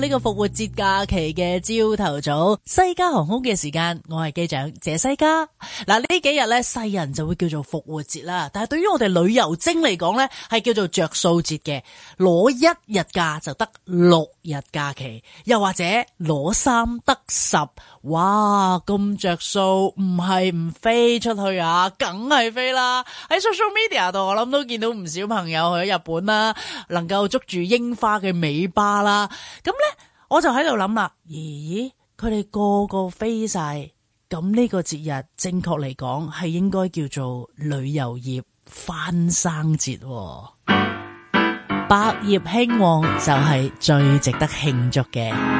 呢個復活節假期嘅朝頭早，西加航空嘅時間，我係機長謝西加。嗱，呢幾日呢，世人就會叫做復活節啦。但係對於我哋旅遊精嚟講，呢係叫做着數節嘅，攞一日假就得六日假期，又或者攞三得十。哇，咁着數，唔係唔飛出去啊，梗係飛啦！喺 social media 度，我諗都見到唔少朋友去咗日本啦，能夠捉住櫻花嘅尾巴啦。咁咧，我就喺度諗啦，咦，佢哋個個飛晒，咁呢個節日，正確嚟講係應該叫做旅遊業翻生節啊，百業興旺就係最值得慶祝嘅。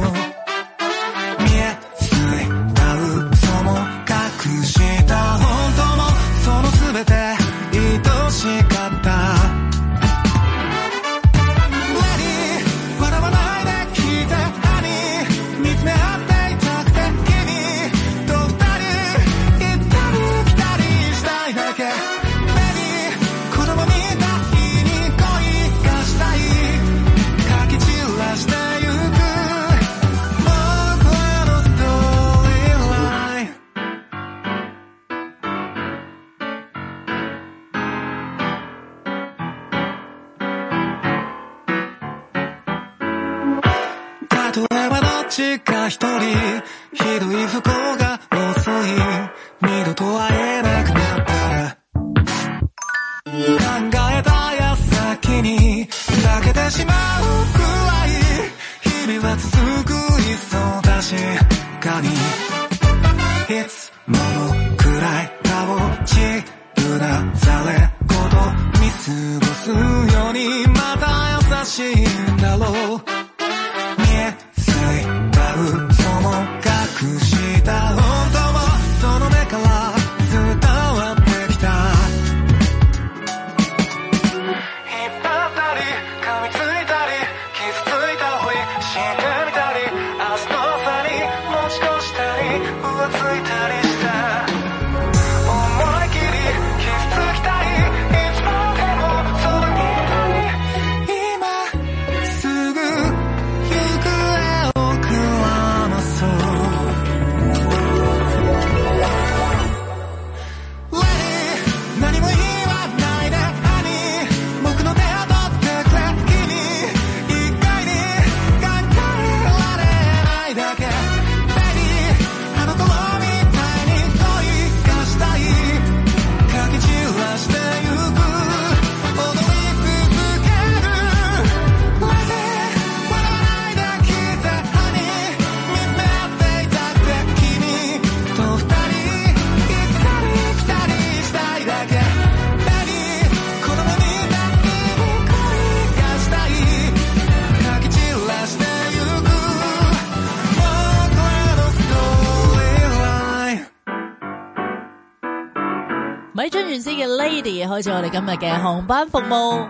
開始我哋今日嘅航班服務。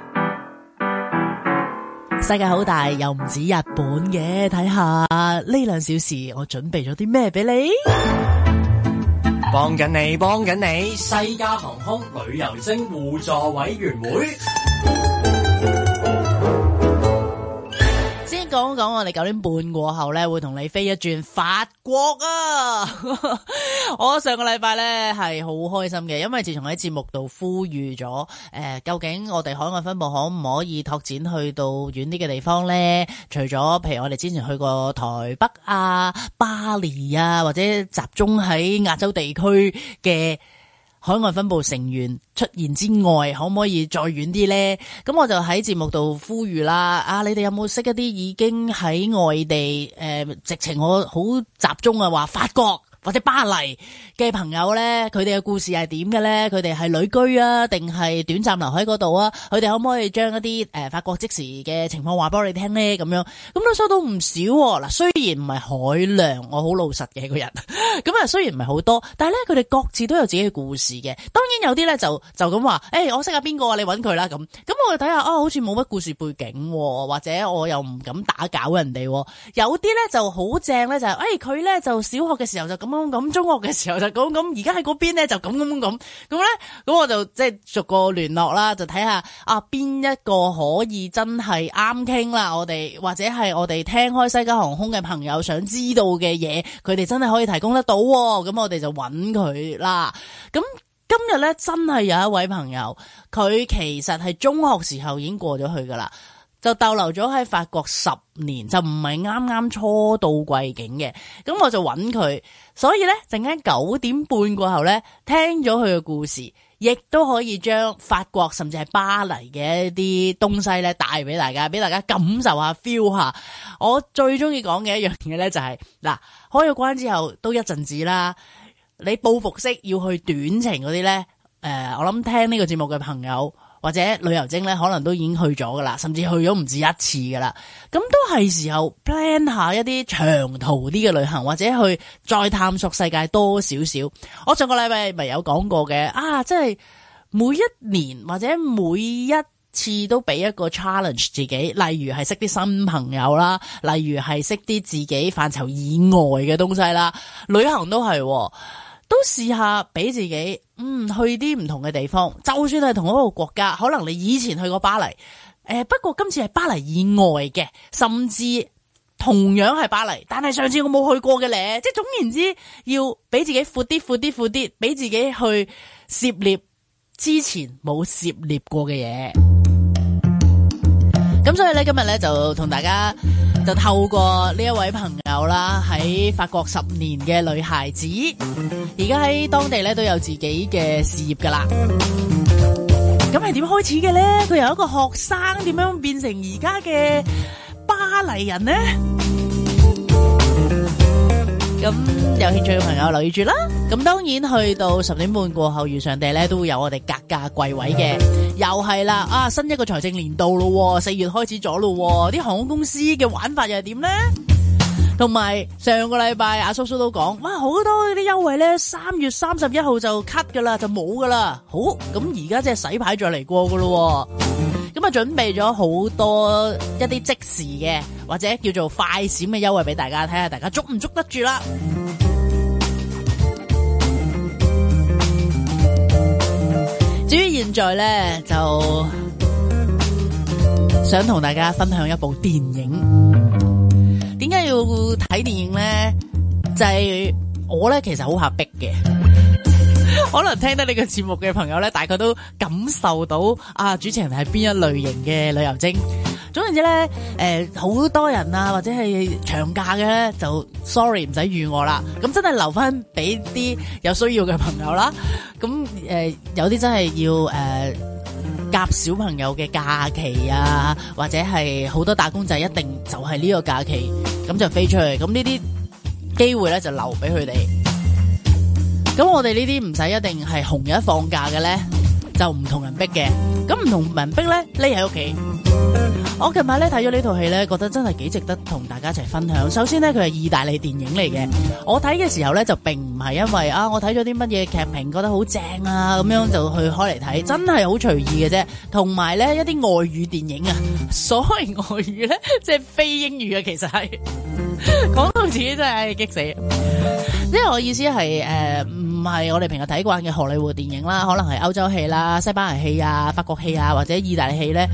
世界好大，又唔止日本嘅，睇下呢兩小時我準備咗啲咩俾你。幫緊你，幫緊你，西加航空旅遊星互助委員會。講講我哋九點半過後咧，會同你飛一轉法國啊！ 我上個禮拜咧，係好開心嘅，因為自從喺節目度呼籲咗，誒、呃，究竟我哋海外分部可唔可以拓展去到遠啲嘅地方呢？除咗譬如我哋之前去過台北啊、巴黎啊，或者集中喺亞洲地區嘅。海外分部成員出現之外，可唔可以再遠啲咧？咁我就喺節目度呼籲啦！啊，你哋有冇識一啲已經喺外地？誒、呃，直情我好集中啊，話法國。或者巴黎嘅朋友咧，佢哋嘅故事係點嘅咧？佢哋係旅居啊，定係短暫留喺嗰度啊？佢哋可唔可以將一啲誒、呃、法國即時嘅情況話俾我哋聽咧？咁樣，咁都收到唔少喎。嗱，雖然唔係海量，我好老實嘅個人，咁啊，雖然唔係好多，但係咧佢哋各自都有自己嘅故事嘅。當然有啲咧就就咁話誒，我識下邊個啊，你揾佢啦咁。咁我哋睇下啊，下哦、好似冇乜故事背景，啊，或者我又唔敢打攪人哋，啊。有啲咧就好正咧，就係誒佢咧就小學嘅時候就咁。咁中學嘅時候就咁咁，而家喺嗰邊咧就咁咁咁。咁咧，咁我就即係逐個聯絡啦，就睇下啊，邊一個可以真係啱傾啦。我哋或者係我哋聽開西加航空嘅朋友，想知道嘅嘢，佢哋真係可以提供得到喔。咁我哋就揾佢啦。咁今日咧，真係有一位朋友，佢其實係中學時候已經過咗去噶啦。就逗留咗喺法國十年，就唔係啱啱初到貴境嘅，咁我就揾佢。所以呢，陣間九點半過後呢，聽咗佢嘅故事，亦都可以將法國甚至係巴黎嘅一啲東西呢帶俾大家，俾大家感受下 feel 下。我最中意講嘅一樣嘢呢，就係，嗱，開咗關之後都一陣子啦。你報復式要去短程嗰啲呢。誒、呃，我諗聽呢個節目嘅朋友。或者旅遊精咧，可能都已經去咗噶啦，甚至去咗唔止一次噶啦，咁都係時候 plan 下一啲長途啲嘅旅行，或者去再探索世界多少少。我上個禮拜咪有講過嘅啊，即係每一年或者每一次都俾一個 challenge 自己，例如係識啲新朋友啦，例如係識啲自己範疇以外嘅東西啦，旅行都係，喎，都試下俾自己。嗯，去啲唔同嘅地方，就算係同一個國家，可能你以前去過巴黎，誒，不過今次係巴黎以外嘅，甚至同樣係巴黎，但係上次我冇去過嘅咧，即係總言之，要俾自己闊啲闊啲闊啲，俾自己去涉獵之前冇涉獵過嘅嘢。咁 所以咧，今日咧就同大家。就透過呢一位朋友啦，喺法國十年嘅女孩子，而家喺當地咧都有自己嘅事業噶啦。咁係點開始嘅咧？佢由一個學生點樣變成而家嘅巴黎人呢？咁有興趣嘅朋友留意住啦！咁當然去到十點半過後，遇上地咧都會有我哋格價櫃位嘅，又係啦啊！新一個財政年度咯，四月開始咗咯，啲航空公司嘅玩法又係點呢？同埋上個禮拜阿叔叔都講，哇好多啲優惠咧，三月三十一號就 cut 噶啦，就冇噶啦，好，咁而家即係洗牌再嚟過噶咯。咁啊，準備咗好多一啲即時嘅或者叫做快閃嘅優惠俾大家，睇下大家捉唔捉得住啦。 至於現在咧，就想同大家分享一部電影。點解要睇電影咧？就係、是、我咧，其實好怕逼嘅。可能聽得呢個節目嘅朋友咧，大概都感受到啊，主持人係邊一類型嘅旅遊精。總言之咧，誒，好多人啊，或者係長假嘅咧，就 sorry 唔使預我啦。咁真係留翻，俾啲有需要嘅朋友啦。咁誒，有啲真係要誒夾小朋友嘅假期啊，或者係好多打工仔一定就係呢個假期，咁就飛出去。咁呢啲機會咧，就留俾佢哋。咁我哋呢啲唔使一定係紅日放假嘅咧，就唔同人逼嘅。咁唔同人逼咧，匿喺屋企。我琴排琴日咧睇咗呢套戲咧，覺得真係幾值得同大家一齊分享。首先咧，佢係意大利電影嚟嘅。我睇嘅時候咧，就並唔係因為啊，我睇咗啲乜嘢劇評覺得好正啊，咁樣就去開嚟睇，真係好隨意嘅啫。同埋咧，一啲外語電影啊，所謂外語咧，即係非英語啊，其實係講 到自己真係、哎、激死。即係我意思係誒，唔、呃、係我哋平日睇慣嘅荷里活電影啦，可能係歐洲戲啦、西班牙戲啊、法國戲啊，或者意大利戲咧，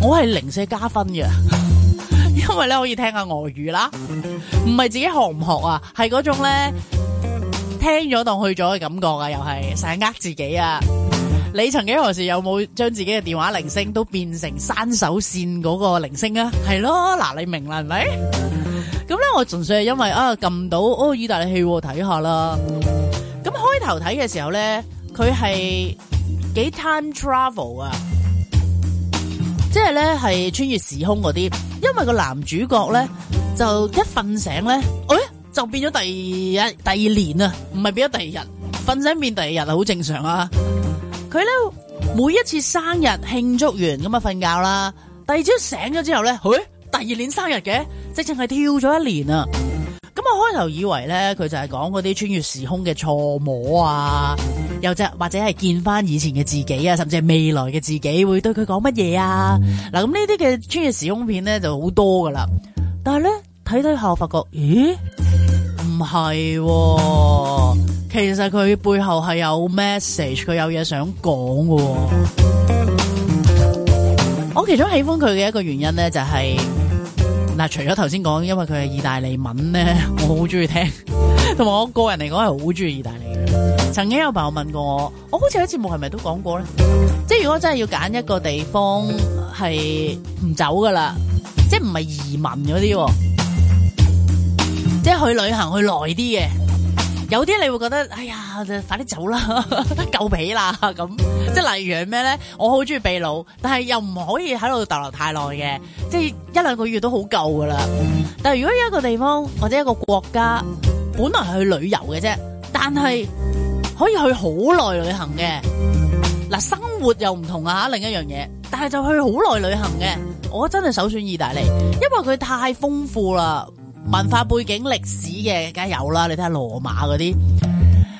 我係零舍加分嘅， 因為咧可以聽下俄語啦，唔係自己學唔學啊，係嗰種咧聽咗當去咗嘅感覺啊，又係成日呃自己啊，你曾經何時有冇將自己嘅電話鈴聲都變成山手線嗰個鈴聲啊？係咯，嗱，你明啦，係咪？咁咧，我純粹係因為啊撳到哦意大利戲睇下啦。咁、嗯、開頭睇嘅時候咧，佢係幾 time travel 啊，即係咧係穿越時空嗰啲。因為個男主角咧就一瞓醒咧，哎就變咗第一第二年啊，唔係變咗第二日。瞓醒變第二日啊，好正常啊。佢咧每一次生日慶祝完咁啊瞓覺啦，第二朝醒咗之後咧，去、哎、第二年生日嘅。直情係跳咗一年啊！咁我開頭以為咧，佢就係講嗰啲穿越時空嘅錯模啊，又或者或者係見翻以前嘅自己啊，甚至係未來嘅自己會對佢講乜嘢啊！嗱，咁呢啲嘅穿越時空片咧就好多噶啦，但係咧睇睇下我發覺，咦，唔係、哦，其實佢背後係有 message，佢有嘢想講嘅、哦。我其中喜歡佢嘅一個原因咧、就是，就係。嗱，除咗頭先講，因為佢係意大利文咧，我好中意聽，同埋我個人嚟講係好中意意大利嘅。曾經有朋友問過我，我好似喺節目係咪都講過咧？即係如果真係要揀一個地方係唔走噶啦，即係唔係移民嗰啲，即係去旅行去耐啲嘅。有啲你會覺得，哎呀，就快啲走啦，得夠皮啦咁。即係例如係咩咧？我好中意秘魯，但係又唔可以喺度逗留太耐嘅，即係一兩個月都好夠噶啦。嗯、但係如果一個地方或者一個國家，本來係去旅遊嘅啫，但係可以去好耐旅行嘅。嗱，生活又唔同啊，另一樣嘢。但係就去好耐旅行嘅，我真係首選意大利，因為佢太豐富啦。文化背景歷史嘅梗係有啦，你睇下羅馬嗰啲，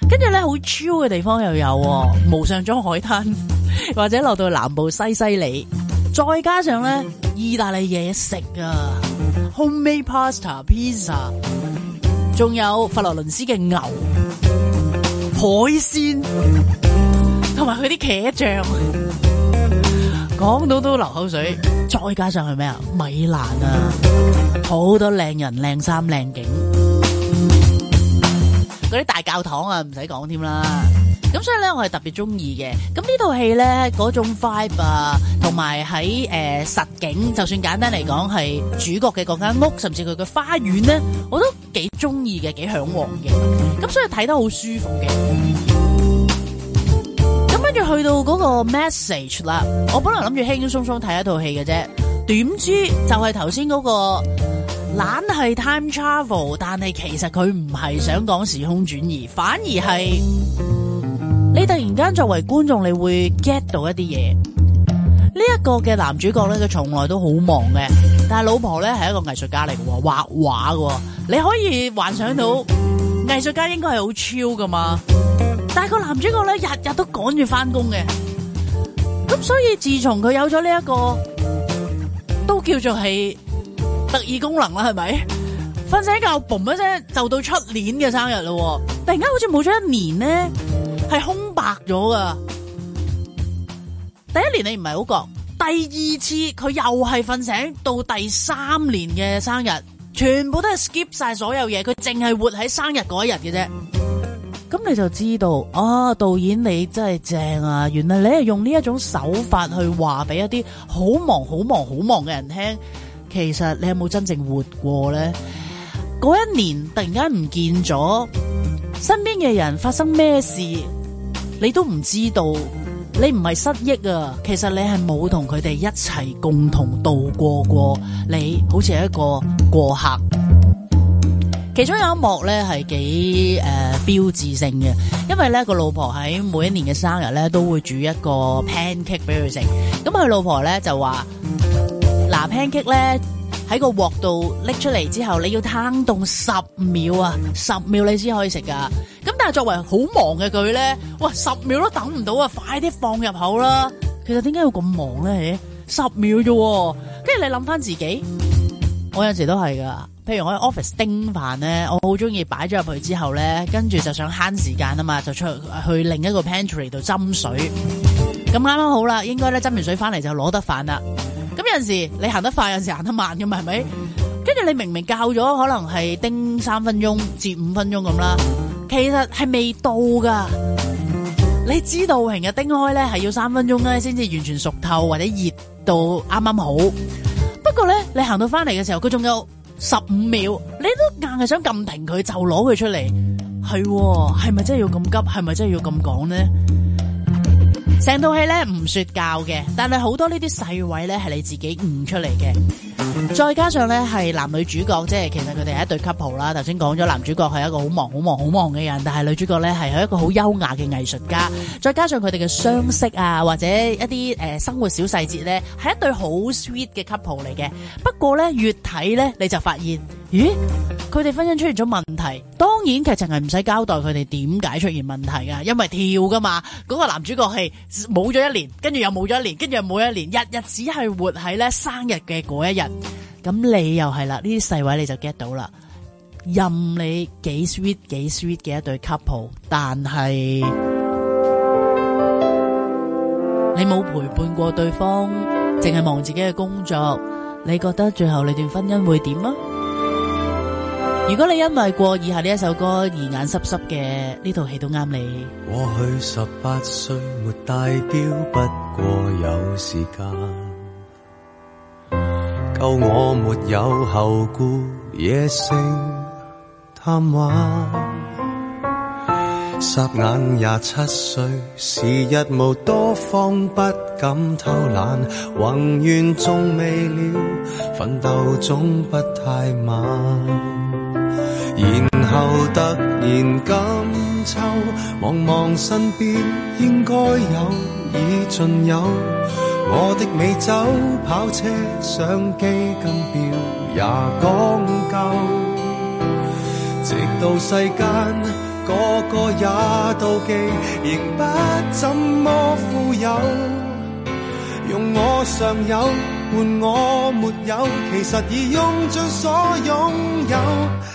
跟住咧好 chill 嘅地方又有、啊、無上中海灘，或者落到南部西西里，再加上咧意大利嘢食啊，homemade pasta、pizza，仲有佛羅倫斯嘅牛、海鮮同埋佢啲茄醬。講到都流口水，再加上係咩啊？米蘭啊，好多靚人、靚衫、靚景，嗰啲大教堂啊，唔使講添啦。咁所以咧，我係特別中意嘅。咁呢套戲咧，嗰種 vibe 啊，同埋喺誒實景，就算簡單嚟講，係主角嘅嗰間屋，甚至佢嘅花園咧，我都幾中意嘅，幾向往嘅。咁所以睇得好舒服嘅。跟住去到嗰個 message 啦，我本來諗住輕輕鬆鬆睇一套戲嘅啫，點知就係頭先嗰個，懶係 time travel，但係其實佢唔係想講時空轉移，反而係你突然間作為觀眾你會 get 到一啲嘢。呢一個嘅男主角咧，佢從來都好忙嘅，但係老婆咧係一個藝術家嚟嘅，畫畫嘅，你可以幻想到藝術家應該係好超噶嘛。但個男主角咧日日都趕住翻工嘅，咁所以自從佢有咗呢一個，都叫做係特異功能啦，係咪？瞓醒一覺，嘣一聲就到出年嘅生日啦，突然間好似冇咗一年咧，係空白咗噶。第一年你唔係好覺，第二次佢又係瞓醒到第三年嘅生日，全部都係 skip 晒所有嘢，佢淨係活喺生日嗰一日嘅啫。咁你就知道啊，哦，導演你真係正啊！原來你係用呢一種手法去話俾一啲好忙、好忙、好忙嘅人聽。其實你有冇真正活過呢？嗰一年突然間唔見咗，身邊嘅人發生咩事，你都唔知道。你唔係失憶啊，其實你係冇同佢哋一齊共同度過過。你好似係一個過客。其中有一幕咧係幾誒標誌性嘅，因為咧個老婆喺每一年嘅生日咧都會煮一個 pancake 俾佢食。咁佢老婆咧就話：嗱、嗯、pancake 咧喺個鑊度拎出嚟之後，你要攤凍十秒啊，十秒你先可以食噶。咁但係作為好忙嘅佢咧，哇十秒都等唔到啊，快啲放入口啦！其實點解要咁忙咧？係十秒啫、啊，跟住你諗翻自己，我有陣時都係噶。譬如我喺 office 叮飯咧，我好中意擺咗入去之後咧，跟住就想慳時間啊嘛，就出去去另一個 pantry 度斟水，咁啱啱好啦，應該咧斟完水翻嚟，就攞得飯啦。咁有陣時你行得快，有陣時行得慢嘅，係咪？跟住你明明教咗可能係叮三分鐘至五分鐘咁啦，其實係未到噶。你知道平日叮開咧係要三分鐘咧先至完全熟透或者熱到啱啱好，不過咧你行到翻嚟嘅時候佢仲有十五秒，你都硬係想撳停佢，就攞佢出嚟，係係咪真係要咁急？係咪真係要咁講呢？成套戲咧唔說教嘅，但係好多呢啲細位咧係你自己悟出嚟嘅。再加上咧係男女主角，即係其實佢哋係一對 couple 啦。頭先講咗男主角係一個好忙、好忙、好忙嘅人，但係女主角咧係係一個好優雅嘅藝術家。再加上佢哋嘅相識啊，或者一啲誒、呃、生活小細節咧，係一對好 sweet 嘅 couple 嚟嘅。不過咧越睇咧你就發現。咦，佢哋婚姻出現咗問題，當然劇情係唔使交代佢哋點解出現問題噶，因為跳噶嘛。嗰、那個男主角係冇咗一年，跟住又冇咗一年，跟住又冇一年，日日只係活喺咧生日嘅嗰一日。咁你又係啦，呢啲細位你就 get 到啦。任你幾 sweet 幾 sweet 嘅一對 couple，但係你冇陪伴過對方，淨係忙自己嘅工作，你覺得最後你段婚姻會點啊？如果你因為過以下呢一首歌而眼濕濕嘅，呢套戲都啱你。過去十八歲沒戴錶，不過有時間，夠我沒有後顧野性，貪玩。霎眼廿七歲，時日無多方，方不敢偷懶，宏願縱未了，奮鬥總不太晚。然後突然感秋，望望身邊應該有已盡有，我的美酒、跑車、相機、金表，也講夠。直到世間個個也妒忌，仍不怎麼富有，用我尚有換我沒有，其實已用盡所擁有。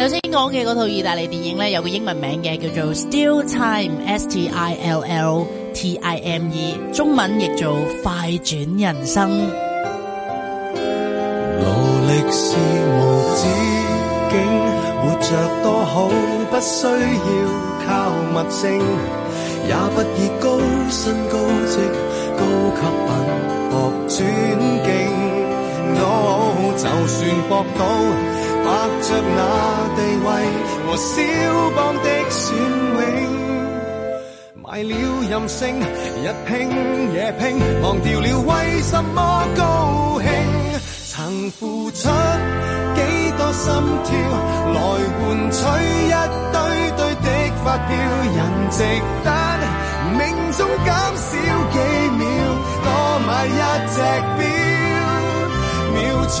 頭先講嘅嗰套意大利電影咧，有個英文名嘅，叫做 Still Time，S T I L L T I M E，中文譯做《快轉人生》。勞力是無止境，活著多好，不需要靠物證，也不以高薪高職高級品搏尊敬。就算搏到。拍着那地位和肖邦的雋永，買了任性，日拼夜拼，忘掉了為什麼高興。曾付出幾多心跳，來換取一堆堆的發票，人值得命中減少幾秒，多買一隻表秒速。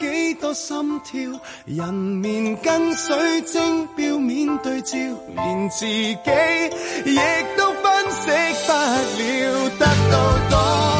幾多心跳，人面跟水晶表面對照，連自己亦都分析不了，得到多。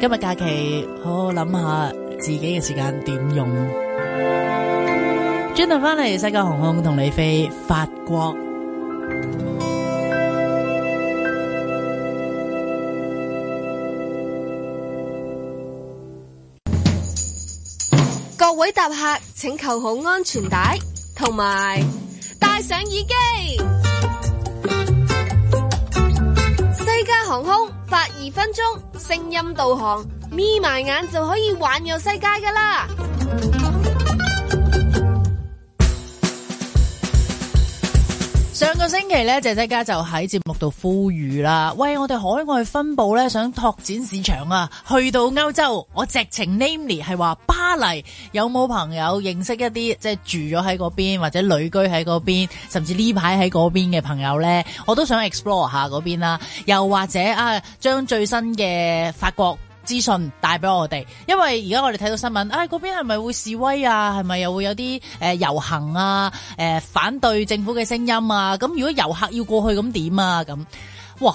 今日假期，好好諗下自己嘅時間點用。轉頭翻嚟，西加航空同你飛法國。 各位搭客，請扣好安全帶，同埋戴上耳機。航空八二分鐘，聲音導航，眯埋眼就可以環遊世界㗎喇。上個星期呢，姐姐家就喺節目度呼籲啦，喂，我哋海外分部呢，想拓展市場啊，去到歐洲，我直情 namely 係話巴黎，有冇朋友認識一啲即係住咗喺嗰邊或者旅居喺嗰邊，甚至呢排喺嗰邊嘅朋友呢，我都想 explore 下嗰邊啦、啊，又或者啊，將最新嘅法國資訊帶俾我哋，因為而家我哋睇到新聞，唉、哎，嗰邊係咪會示威啊？係咪又會有啲誒遊行啊？誒、呃，反對政府嘅聲音啊？咁如果遊客要過去咁點啊？咁，哇，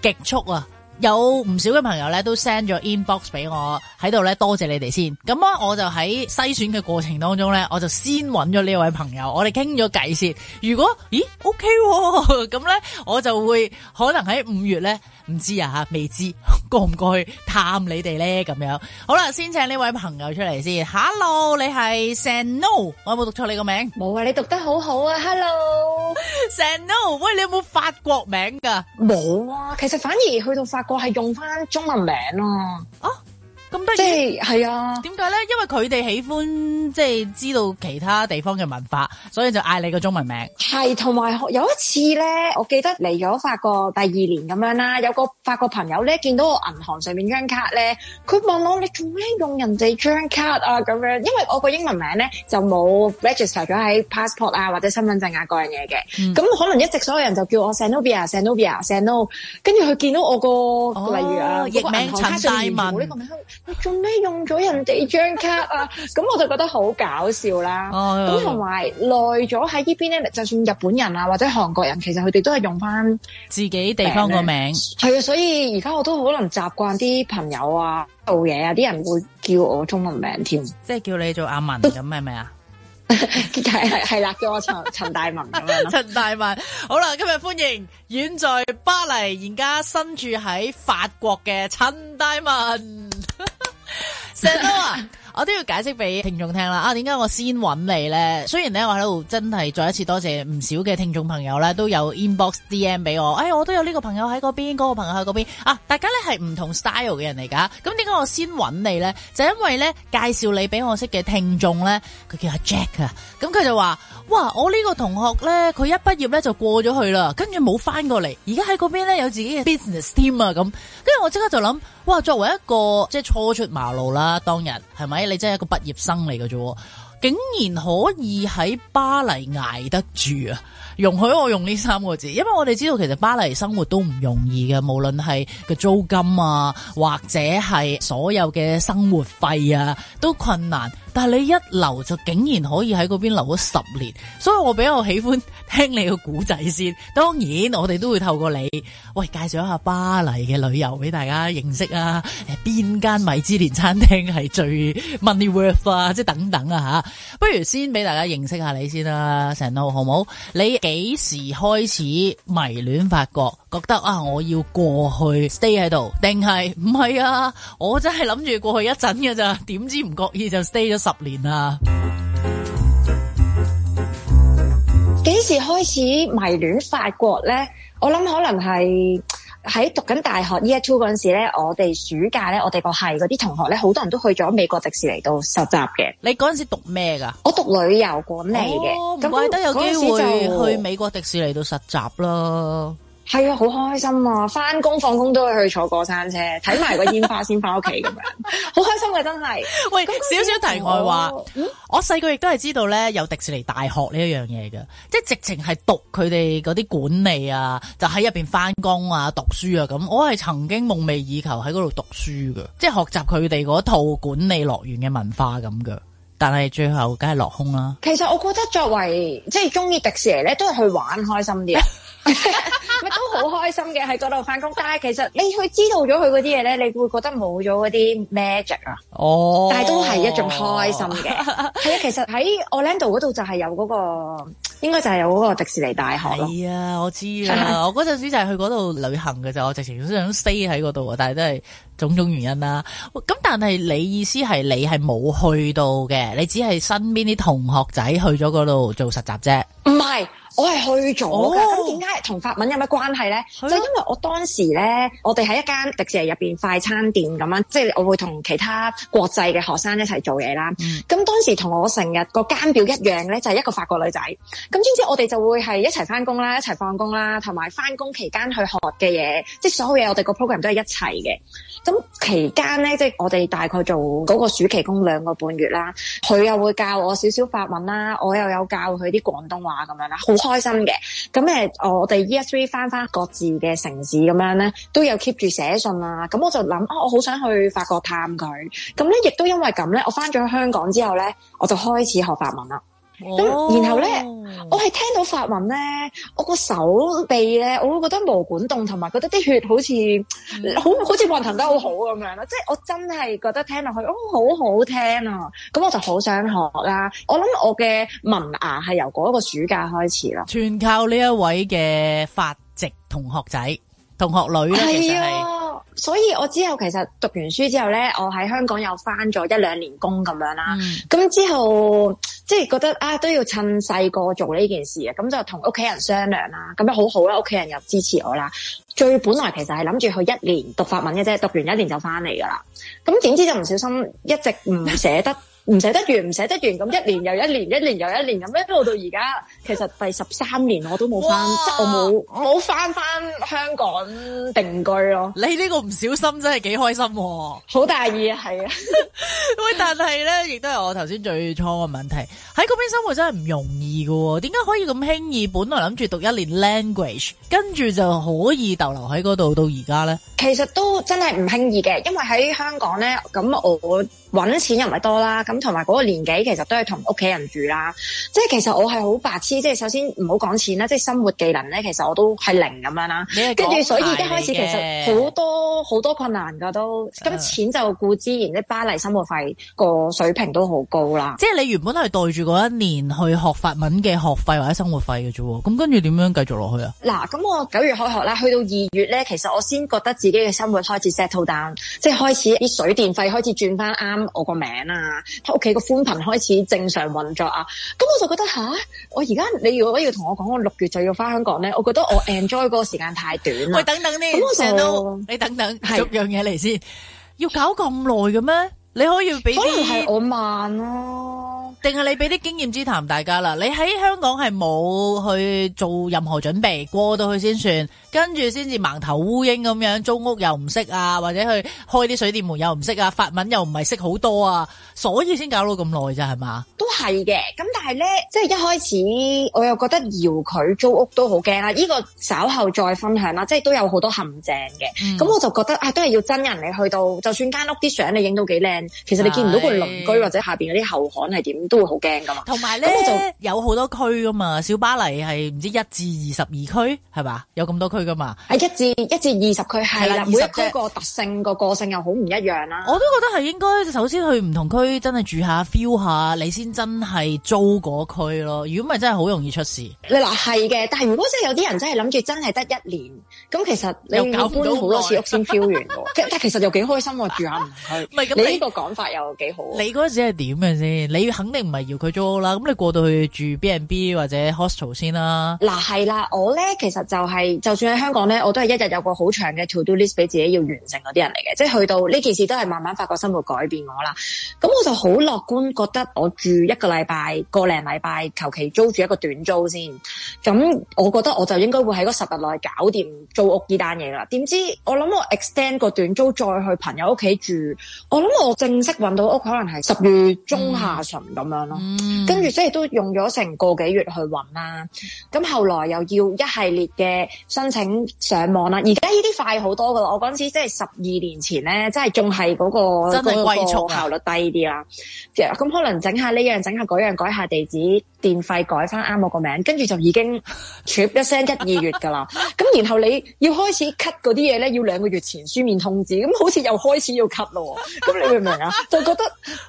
極速啊！有唔少嘅朋友咧都 send 咗 inbox 俾我喺度咧，多謝你哋先。咁啊，我就喺篩選嘅過程當中咧，我就先揾咗呢位朋友，我哋傾咗偈先。如果咦，OK 喎、哦，咁 咧我就會可能喺五月咧。唔知啊吓，未知過唔過去探你哋咧，咁樣好啦，先請呢位朋友出嚟先。Hello，你係 San No，我有冇讀錯你個名？冇啊，你讀得好好啊。Hello， San No，喂，你有冇法國名噶？冇啊，其實反而去到法國係用翻中文名咯。啊？啊咁多即係係啊？點解咧？因為佢哋喜歡即係知道其他地方嘅文化，所以就嗌你個中文名。係，同埋有一次咧，我記得嚟咗法國第二年咁樣啦，有個法國朋友咧見到我銀行上面張卡咧，佢問我你做咩用人哋張卡啊？咁樣，因為我個英文名咧就冇 register 咗喺 passport 啊或者身份證啊嗰樣嘢嘅，咁可能一直所有人就叫我 Sonia Sonia Sano，跟住佢見到我個例如啊嗰個銀行卡冇呢個名。做咩用咗人哋張卡啊？咁 我就覺得好搞笑啦。咁同埋耐咗喺呢邊咧，就算日本人啊或者韓國人，其實佢哋都係用翻自己地方個名。係啊，所以而家我都好難習慣啲朋友啊做嘢啊，啲人會叫我中文名添，即係叫你做阿文咁，係咪啊？係係係啦，叫我陳陳大文咁樣。陳 大文 好啦，今日歡迎遠在巴黎，而家身住喺法國嘅陳大文。石刀啊，我都要解釋俾聽眾聽啦。啊，點解我先揾你咧？雖然咧我喺度真係再一次多謝唔少嘅聽眾朋友咧，都有 inbox DM 俾我。誒、哎，我都有呢個朋友喺嗰邊，嗰、嗰個朋友喺嗰邊。啊，大家咧係唔同 style 嘅人嚟噶。咁點解我先揾你咧？就因為咧介紹你俾我識嘅聽眾咧，佢叫阿 Jack 啊。咁佢就話。哇！我呢個同學呢，佢一畢業呢就過咗去啦，跟住冇翻過嚟，而家喺嗰邊呢，有自己嘅 business team 啊！咁，跟住我即刻就諗，哇！作為一個即係初出茅廬啦，當日係咪？你真係一個畢業生嚟㗎啫，竟然可以喺巴黎挨得住啊！容許我用呢三個字，因為我哋知道其實巴黎生活都唔容易嘅，無論係個租金啊，或者係所有嘅生活費啊，都困難。但係你一留就竟然可以喺嗰邊留咗十年，所以我比較喜歡聽你嘅古仔先。當然我哋都會透過你，喂，介紹一下巴黎嘅旅遊俾大家認識啊。誒，邊間米芝蓮餐廳係最 money worth 啊？即係等等啊吓。不如先俾大家認識下你先啦，成浩，好唔好？你？幾時開始迷戀法國？覺得啊，我要過去 stay 喺度，定係唔係啊？我真係諗住過去一陣嘅咋，點知唔覺意就 stay 咗十年啊！幾時開始迷戀法國咧？我諗可能係。喺讀緊大學 year two 嗰陣時咧，我哋暑假咧，我哋個係嗰啲同學咧，好多人都去咗美國迪士尼度實習嘅。你嗰陣時讀咩㗎？我讀旅遊管理嘅，咁我、哦、唔怪得有機會去美國迪士尼度實習咯。哦係啊，好開心啊！翻工放工都係去坐過山車，睇埋個煙花先翻屋企咁樣，好 開心啊，真係。喂，少少題外話，嗯、我細個亦都係知道咧有迪士尼大學呢一樣嘢嘅，即係直情係讀佢哋嗰啲管理啊，就喺入邊翻工啊、讀書啊咁。我係曾經夢寐以求喺嗰度讀書嘅，即係學習佢哋嗰套管理樂園嘅文化咁嘅。但係最後梗係落空啦。其實我覺得作為即係中意迪士尼咧，都係去玩開心啲。 咪 都好開心嘅喺嗰度翻工，但係其實你去知道咗佢嗰啲嘢咧，你會覺得冇咗嗰啲 magic 啊，哦，但係都係一種開心嘅。係啊， 其實喺 Orlando 嗰度就係有嗰、嗰個，應該就係有嗰個迪士尼大學咯。係啊，我知啦。 我嗰陣時就係去嗰度旅行嘅啫，我直情想 stay 喺嗰度啊，但係都係種種原因啦、啊。咁但係你意思係你係冇去到嘅，你只係身邊啲同學仔去咗嗰度做實習啫。唔係。我係去咗㗎，咁點解同法文有咩關係咧？的就因為我當時咧，我哋喺一間迪士尼入邊快餐店咁樣，即、就、係、是、我會同其他國際嘅學生一齊做嘢啦。咁、嗯、當時同我成日個間表一樣咧，就係、是、一個法國女仔。咁總之我哋就會係一齊返工啦，一齊放工啦，同埋返工期間去學嘅嘢，即係所有嘢我哋個 program 都係一齊嘅。咁期間咧，即、就、係、是、我哋大概做嗰個暑期工兩個半月啦。佢又會教我少少法文啦，我又有教佢啲廣東話咁樣啦，好。開心嘅。咁誒、呃，我哋 E S V 翻翻各自嘅城市咁樣咧，都有 keep 住寫信啦。咁我就諗啊，我好想去法國探佢。咁咧，亦都因為咁咧，我翻咗香港之後咧，我就開始學法文啦。咁、哦、然後咧，我係聽到法文咧，我個手臂咧，我會覺得毛管動，同埋覺得啲血好似好好似運行得好好咁樣咯。即係 我真係覺得聽落去，哦，好好聽啊！咁我就好想學啦，啊。我諗我嘅文牙係由嗰一個暑假開始啦。全靠呢一位嘅法籍同學仔、同學女咧，其，啊、所以我之後其實讀完書之後咧，我喺香港又翻咗一兩年工咁樣啦。咁、嗯、之後。即係覺得啊，都要趁細個做呢件事啊，咁就同屋企人商量啦，咁樣好好啦，屋企人又支持我啦。最本來其實係諗住去一年讀法文嘅啫，讀完一年就翻嚟噶啦。咁點知就唔小心一直唔捨得。唔捨得完，唔捨得完，咁一年又一年，一年又一年咁，一路到而家，其實第十三年我都冇翻，即係我冇冇翻翻香港定居咯。你呢個唔小心真係幾開心，好大意啊係啊！喂，但係咧，亦都係我頭先最初嘅問題，喺嗰邊生活真係唔容易噶，點解可以咁輕易？本來諗住讀一年 language，跟住就可以逗留喺嗰度到而家咧。其實都真係唔輕易嘅，因為喺香港咧，咁我。揾錢又唔係多啦，咁同埋嗰個年紀其實都係同屋企人住啦。即係其實我係好白痴，即係首先唔好講錢啦，即係生活技能咧，其實我都係零咁樣啦。跟住是所以一開始的其實好多好多困難噶都咁、嗯、錢就固之然，啲巴黎生活費個水平都好高啦。即係你原本係袋住嗰一年去學法文嘅學費或者生活費嘅啫喎，咁跟住點樣繼續落去啊？嗱，咁我九月開學啦，去到二月咧，其實我先覺得自己嘅生活開始 settle down，即係開始啲水電費開始轉翻啱。我個名啊，屋企個寬頻開始正常運作啊，咁我就覺得吓、啊，我而家你如果要同我講，我六月就要返香港咧，我覺得我 enjoy 個時間太短啦。喂，等等你，咁我成日都你等等，做樣嘢嚟先，要搞咁耐嘅咩？你可以俾可能係我慢咯、啊。定係你俾啲經驗之談大家啦。你喺香港係冇去做任何準備，過到去先算，跟住先至盲頭烏蠅咁樣，租屋又唔識啊，或者去開啲水電門又唔識啊，法文又唔係識好多啊，所以先搞到咁耐咋係嘛？都係嘅，咁但係咧，即係一開始我又覺得遙距租屋都好驚啦。呢個稍後再分享啦，即係都有好多陷阱嘅。咁，嗯，我就覺得啊，都係要真人嚟去到，就算間屋啲相你影到幾靚，其實你見唔到個鄰居或者下邊嗰啲後巷係點。都會好驚噶嘛，同埋咧，就有好多區噶嘛，小巴黎係唔知一至二十二區係嘛，有咁多區噶嘛。係一至一至二十區係啦，的每一區個特性個個性又好唔一樣啦。我都覺得係應該首先去唔同區真係住下 feel 下，你先真係租嗰區咯。如果唔係真係好容易出事。你嗱係嘅，但係如果真係有啲人真係諗住真係得一年，咁其實你又搞唔到耐，又 feel 唔到耐。但其實又幾開心喎，住下唔同區。唔係咁，你呢個講法又幾好。你嗰陣時係點嘅先？你肯定。唔係要佢租屋啦，咁你過到去住 B and B 或者 hostel 先啦。嗱係啦，我咧其實就係、是，就算喺香港咧，我都係一日有一個好長嘅 to do list 俾自己要完成嗰啲人嚟嘅，即係去到呢件事都係慢慢發覺生活改變我啦。咁我就好樂觀，覺得我住一個禮拜、個零禮拜，求其租住一個短租先。咁我覺得我就應該會喺嗰十日內搞掂租屋呢單嘢啦。點知我諗我 extend 個短租再去朋友屋企住，我諗我正式搵到屋可能係十月中下旬咁、嗯。咁樣咯，跟住所以都用咗成個幾月去揾啦，咁後來又要一系列嘅申請上網啦，而家呢啲快好多噶啦，我嗰陣時即係十二年前咧，即係仲係嗰個嗰、啊、個效率低啲啦，咁、嗯、可能整下呢樣，整下嗰樣，改下地址，電費改翻啱我個名，跟住就已經 c 一聲一二月噶啦，咁 然後你要開始 cut 嗰啲嘢咧，要兩個月前書面通知，咁好似又開始要 cut 咯，咁 你明唔明啊？就覺得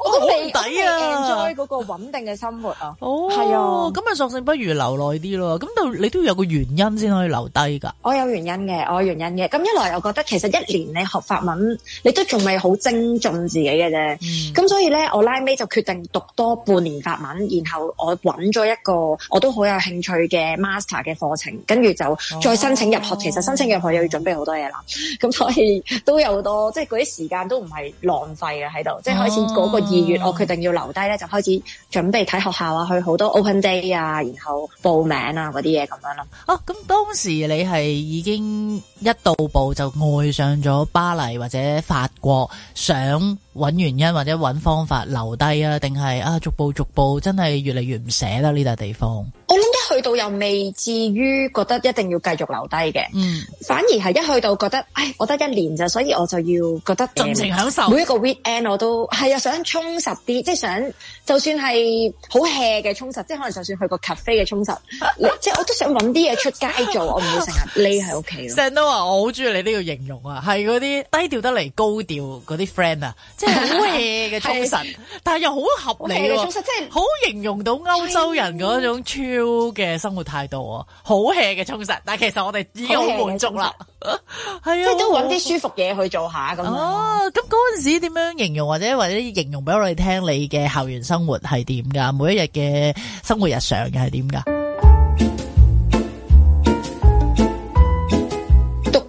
我都未抵啊！ 個穩定嘅生活、哦、啊，哦，係啊，咁啊，索性不如留耐啲咯。咁就你都要有個原因先可以留低噶。我有原因嘅，我有原因嘅。咁一來，我覺得其實一年你學法文，你都仲未好精進自己嘅啫。咁、嗯、所以咧，我拉尾就決定讀多半年法文，然後我揾咗一個我都好有興趣嘅 master 嘅課程，跟住就再申請入學。哦、其實申請入學又要準備好多嘢啦。咁所以都有好多，即係嗰啲時間都唔係浪費嘅喺度。哦、即係開始嗰個二月，我決定要留低咧，就開始。準備睇學校啊，去好多 open day 啊，然後報名啊嗰啲嘢咁樣咯、啊。哦、啊，咁當時你係已經一到步就愛上咗巴黎或者法國，想。搵原因或者搵方法留低啊？定係啊？逐步逐步真係越嚟越唔捨得呢笪地方。我諗，一去到又未至於覺得一定要繼續留低嘅，嗯，反而係一去到覺得，唉，我得一年咋，所以我就要覺得盡情享受每一個 weekend，我都係啊，想充實啲，即係想，就算係好 hea 嘅充實，即係可能就算去個 cafe 嘅充實，即係 我都想揾啲嘢出街做，我唔會成日匿喺屋企。Sammy 話：ar, 我好中意你呢個形容啊，係嗰啲低調得嚟高調嗰啲 friend 啊。即係好 hea 嘅充實，是但係又好合理嘅充實，即係好形容到歐洲人嗰種 chill 嘅生活態度啊！的好 hea 嘅充實，但係其實我哋已經好滿足啦，係啊，的即係都揾啲舒服嘢去做下咁啊！咁嗰陣時點樣形容或者或者形容俾我哋聽你嘅校園生活係點噶？每一日嘅生活日常又係點噶？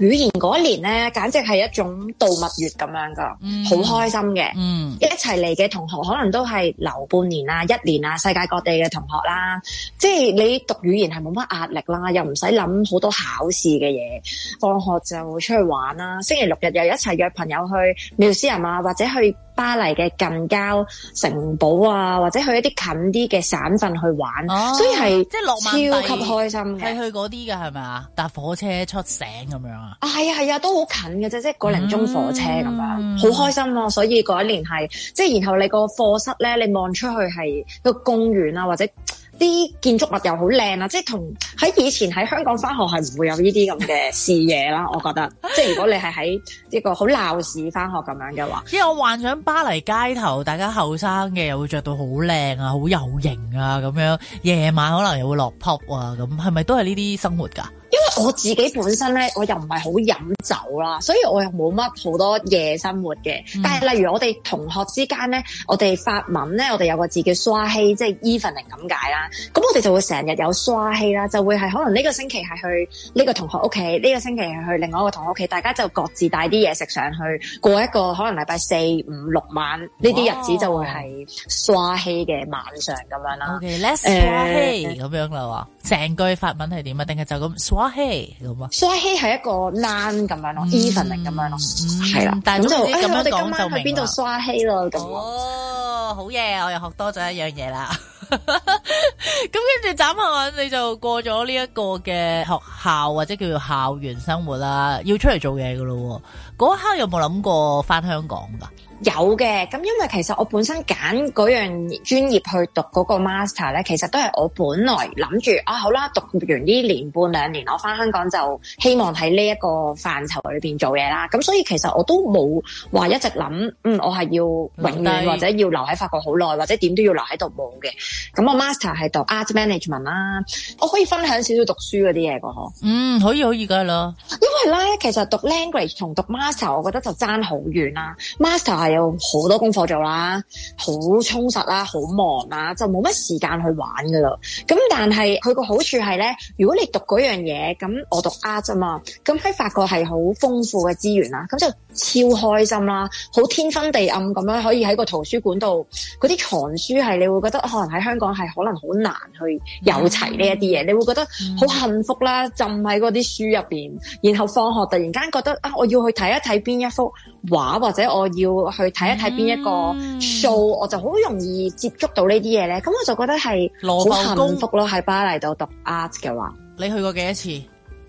語言嗰年咧，簡直係一種度蜜月咁樣噶，好、嗯、開心嘅。嗯、一齊嚟嘅同學可能都係留半年啊、一年啊，世界各地嘅同學啦。即係你讀語言係冇乜壓力啦，又唔使諗好多考試嘅嘢。放學就出去玩啦，星期六日又一齊約朋友去妙思啊，或者去。巴黎嘅近郊城堡啊，或者去一啲近啲嘅省份去玩，哦、所以係即係落慢地超級開心嘅，係去嗰啲嘅。係咪啊？搭火車出省咁樣啊？啊係啊係啊，都好近嘅啫，即係個零鐘火車咁樣，好、嗯、開心咯、啊。所以嗰一年係即係，然後你個課室咧，你望出去係個公園啊，或者。啲建築物又好靚啊，即係同喺以前喺香港翻學係唔會有呢啲咁嘅視野啦，我覺得。 即係如果你係喺一個好鬧市翻學咁樣嘅話，即係我幻想巴黎街頭，大家後生嘅又會着到好靚啊，好有型啊咁樣，夜晚可能又會落 pub 啊咁，係咪都係呢啲生活㗎？因為我自己本身咧，我又唔係好飲酒啦，所以我又冇乜好多夜生活嘅。但係例如我哋同學之間咧，我哋法文咧，我哋有個字叫刷希，即係、就是、evening 咁解啦。咁我哋就會成日有刷希啦，就會係可能呢個星期係去呢個同學屋企，呢、這個星期係去另外一個同學屋企，大家就各自帶啲嘢食上去，過一個可能禮拜四五六晚呢啲日子就會係刷希嘅晚上咁樣啦。OK，let's 刷希咁樣啦喎。成句法文係點啊？定係就咁 swahe 咁啊？swahe 係一個 lan 咁樣咯，依份嚟咁樣咯，係啦、嗯。但係咁樣講、哎、就明啦。哦，好嘢，我又學多咗一樣嘢啦。咁跟住眨下眼，你就過咗呢一個嘅學校或者叫做校園生活啦，要出嚟做嘢噶咯。嗰刻有冇諗過返香港噶？有嘅，咁因為其實我本身揀樣專業去讀個 master 咧，其實都係我本來諗住啊，好啦，讀完呢年半兩年，我翻香港就希望喺呢一個範疇裏邊做嘢啦。咁所以其實我都冇話一直諗，嗯，我係要永遠或者要留喺法國好耐，或者點都要留喺度冇嘅。咁我 master 係讀 art management 啦，我可以分享少少讀書啲嘢個嗬，嗯，可以可以梗啦。因為咧，其實讀 language 同讀 master，我覺得就爭好遠啦。master 係。有好多功課做啦，好充實啦，好忙啦，就冇乜時間去玩噶啦。咁但係佢個好處係咧，如果你讀嗰樣嘢，咁我讀 Art 啊嘛，咁喺法國係好豐富嘅資源啦，咁就超開心啦，好天昏地暗咁樣，可以喺個圖書館度，嗰啲藏書係你會覺得可能喺香港係可能好難去有齊呢一啲嘢，嗯、你會覺得好幸福啦，嗯、浸喺嗰啲書入邊，然後放學突然間覺得啊，我要去睇一睇邊一幅畫或者我要。去睇一睇邊一個數，嗯，我就好容易接觸到呢啲嘢咧。咁我就覺得係好幸福咯。喺巴黎度讀 art 嘅話，你去過幾多次？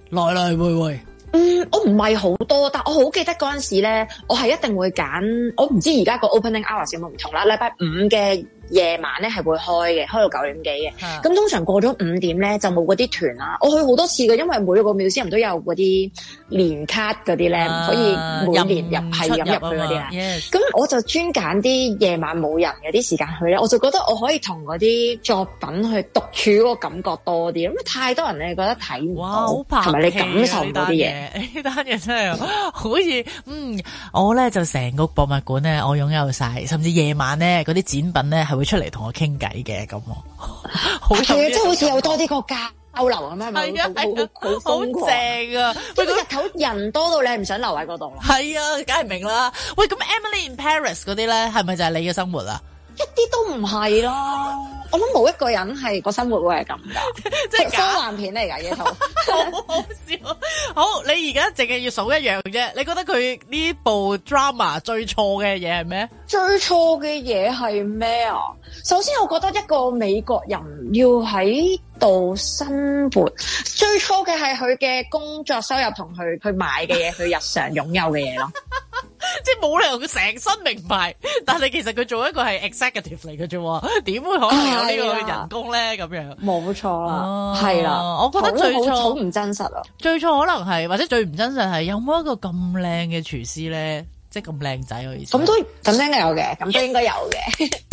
來來回回，嗯，我唔係好多，但我好記得嗰陣時咧，我係一定會揀。我唔知而家個 opening hours 有冇唔同啦。禮拜五嘅。夜晚咧，係會開嘅，開到九點幾嘅。咁通常過咗五點咧，就冇嗰啲團啦。我去好多次嘅，因為每一個廟先人都有嗰啲年卡嗰啲咧，可以每年入係入去嗰啲啦。咁我就專揀啲夜晚冇人嘅啲時間去咧，我就覺得我可以同嗰啲作品去獨處嗰個感覺多啲。咁太多人咧，覺得睇唔到，好怕，同埋你感受唔到啲嘢。呢單嘢真係好似嗯，我咧，就成個博物館咧，我擁有晒，甚至夜晚咧嗰啲展品咧，就會出嚟同我傾偈嘅咁，係啊，即係好似有多啲個交流咁樣，係啊，的好，的好，的好正啊！喂，日頭人多到你係唔想留喺嗰度啦？係啊，梗係唔明啦！喂，咁 Emily in Paris 嗰啲咧，係咪就係你嘅生活啊？一啲都唔係咯。我諗冇一個人係個生活會係咁噶，即係科幻片嚟㗎嘢， 好，好好笑。好，你而家淨係要數一樣啫。你覺得佢呢部 drama 最錯嘅嘢係咩？最錯嘅嘢係咩啊？首先，我覺得一個美國人要喺到生活，最初嘅係佢嘅工作收入同佢去買嘅嘢，佢 日常擁有嘅嘢咯。 即係冇理由佢成身名牌，但係其實佢做一個係 executive 嚟嘅啫，點會可能有呢個人工咧？咁樣、哎呀，冇錯啦，係啦，我覺得最好唔真實啊！最初可能係，或者最唔真實係，有冇一個咁靚嘅廚師咧？即係咁靚仔嘅意思？咁都咁應該有嘅，咁都應該有嘅。Yeah.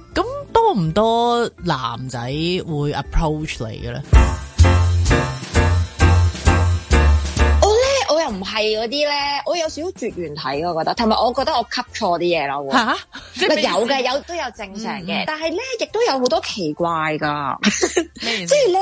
咁多唔多男仔會 approach 你嘅咧？唔係嗰啲咧，我有少少絕緣體我覺得，同埋我覺得我吸錯啲嘢啦吓，有嘅，有都有正常嘅、嗯，但係咧亦都有好多奇怪噶。即係咧，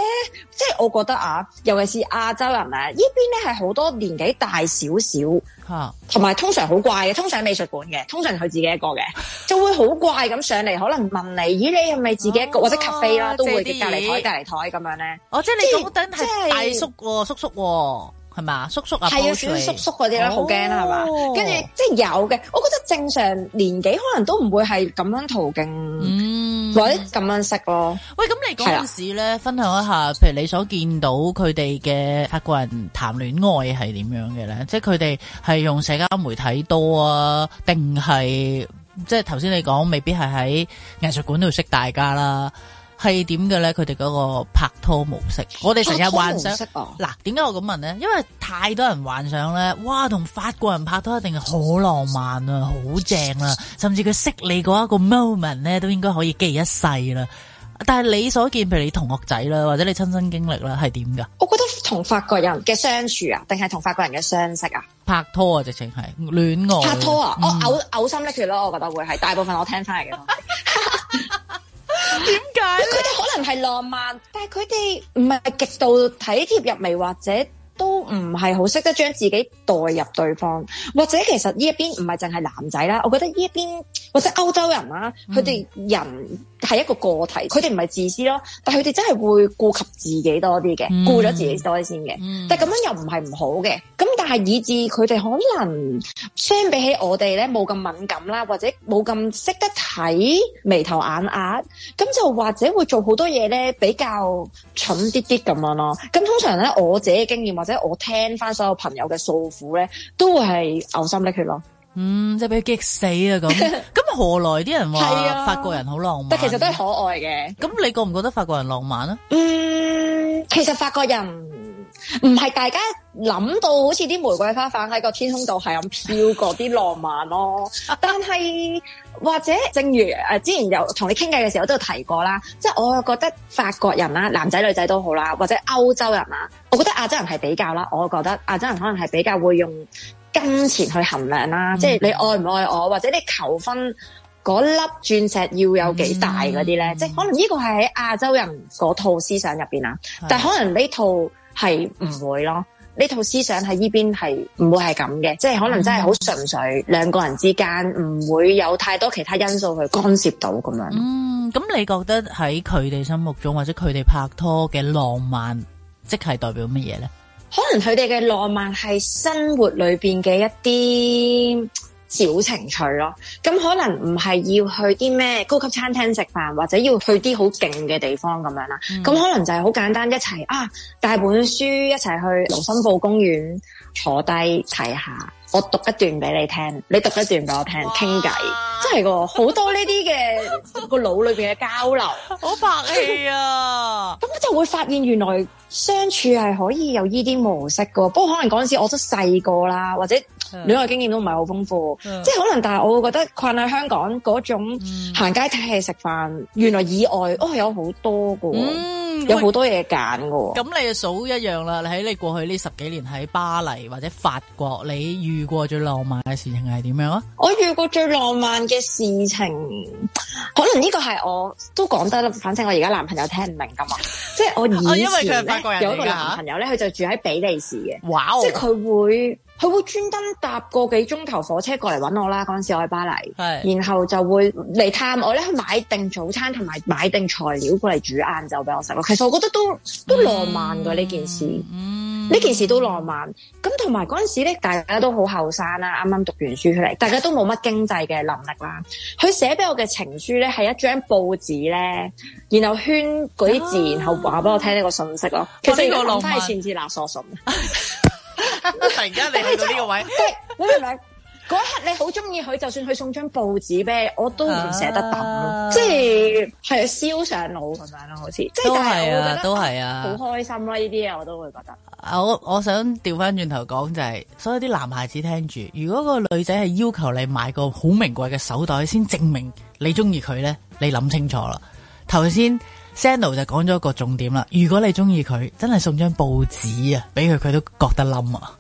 即係、 就是、我覺得啊，尤其是亞洲人邊呢點點啊，呢邊咧係好多年紀大少少，吓，同埋通常好怪嘅，通常美術館嘅，通常佢自己一個嘅，就會好怪咁上嚟，可能問你，咦，你係咪自己一個？哦、或者咖啡啦，都會隔籬台，隔籬台咁樣咧。哦，即係你等等係大叔，叔叔。係嘛，叔叔啊，係啊，小叔叔嗰啲咧，好驚啦，係嘛，跟住即係有嘅，我覺得正常年紀可能都唔會係咁樣途徑，嗯，或者咁樣識咯。喂，咁你嗰陣時咧，分享一下，譬如你所見到佢哋嘅法國人談戀愛係點樣嘅咧？即係佢哋係用社交媒體多啊，定係即係頭先你講，未必係喺藝術館度識大家啦。係點嘅咧？佢哋嗰個拍拖模式，我哋成日幻想。嗱、啊，點解我咁問咧？因為太多人幻想咧，哇，同法國人拍拖一定係好浪漫啊，好正啊，甚至佢識你嗰一個 moment 咧，都應該可以記一世啦。但係你所見，譬如你同學仔啦，或者你親身經歷啦，係點噶？我覺得同法國人嘅相處啊，定係同法國人嘅相識啊，拍拖啊，直情係戀愛。拍拖啊，嗯、我嘔嘔心瀝血咯，我覺得會係大部分我聽翻嚟嘅。 點解咧？佢哋可能係浪漫，但係佢哋唔係極度體貼入微或者。都唔係好識得將自己代入對方，或者其實呢一邊唔係淨係男仔啦，我覺得呢一邊或者歐洲人啦、啊，佢哋人係一個個體，佢哋唔係自私咯，但係佢哋真係會顧及自己多啲嘅，顧咗、嗯、自己多啲先嘅。嗯、但係咁樣又唔係唔好嘅，咁但係以致佢哋可能相比起我哋咧冇咁敏感啦，或者冇咁識得睇眉頭眼額咁就或者會做好多嘢咧比較蠢啲啲咁樣咯。咁通常咧我自己嘅經驗或者。我聽翻所有朋友嘅訴苦咧，都會係嘔心瀝血咯。嗯，即係俾佢激死啊！咁咁 何來啲人話法國人好浪漫？但其實都係可愛嘅。咁你覺唔覺得法國人浪漫啊？嗯，其實法國人。唔係大家諗到好似啲玫瑰花瓣喺個天空度係咁飄過啲浪漫咯，但係或者正如誒之前有同你傾偈嘅時候，我都提過啦，即係我覺得法國人啦、啊，男仔女仔都好啦、啊，或者歐洲人啦、啊，我覺得亞洲人係比較啦、啊，我覺得亞洲人可能係比較會用金錢去衡量啦、啊，即係、嗯、你愛唔愛我，或者你求婚嗰粒鑽石要有幾大嗰啲咧，嗯嗯即係可能呢個係喺亞洲人嗰套思想入邊啊，是的 但係可能呢套。係唔會咯，呢套思想喺呢邊係唔會係咁嘅，即係可能真係好純粹，兩個人之間唔會有太多其他因素去干涉到咁樣。嗯，咁你覺得喺佢哋心目中或者佢哋拍拖嘅浪漫，即係代表乜嘢呢？可能佢哋嘅浪漫係生活裏邊嘅一啲。小情趣咯，咁可能唔係要去啲咩高級餐廳食飯，或者要去啲好勁嘅地方咁樣啦。咁、嗯、可能就係好簡單一，一齊啊帶本書一齊去盧森堡公園坐低睇下看看，我讀一段俾你聽，你讀一段俾我聽，傾偈哇，真係噶好多呢啲嘅個腦裏邊嘅交流， 好白氣啊！咁 就會發現原來相處係可以有依啲模式噶，不過可能嗰陣時我都細個啦，或者。戀愛經驗都唔係好豐富，嗯、即係可能，但係我會覺得困喺香港嗰種行街睇戲食飯，嗯、原來以外哦有好多嘅，嗯、有好多嘢揀嘅。咁你數一樣啦，你喺你過去呢十幾年喺巴黎或者法國，你遇過最浪漫嘅事情係點樣啊？我遇過最浪漫嘅事情，可能呢個係我都講得啦。反正我而家男朋友聽唔明噶嘛， 即係我、啊、因為佢係法國人，有一個男朋友咧，佢就住喺比利時嘅，Wow. 即係佢會。佢會專登搭個幾鐘頭火車過嚟揾我啦，嗰陣時我去巴黎，是然後就會嚟探我咧，買定早餐同埋買定材料過嚟煮晏晝俾我食咯。其實我覺得都都浪漫嘅呢、嗯、件事，呢、嗯、件事都浪漫。咁同埋嗰陣時咧，大家都好後生啦，啱啱讀完書出嚟，大家都冇乜經濟嘅能力啦。佢寫俾我嘅情書咧係一張報紙咧，然後圈嗰啲字，然後話俾我聽呢個信息咯。啊、其實我諗翻係前線垃圾信。 突然間嚟到呢個位 是，即係 你嗰一 刻你好中意佢，就算佢送張報紙俾，我都唔捨得抌咯，啊、即係係燒上腦咁樣咯，好似即係。都係啊，都係啊，好開心咯！呢啲嘢我都會覺得。我我想調翻轉頭講就係、是，所有啲男孩子聽住，如果個女仔係要求你買個好名貴嘅手袋先證明你中意佢咧，你諗清楚啦。頭先。Sandro 就講咗一個重點啦，如果你中意佢，真係送張報紙啊，俾佢佢都覺得冧啊！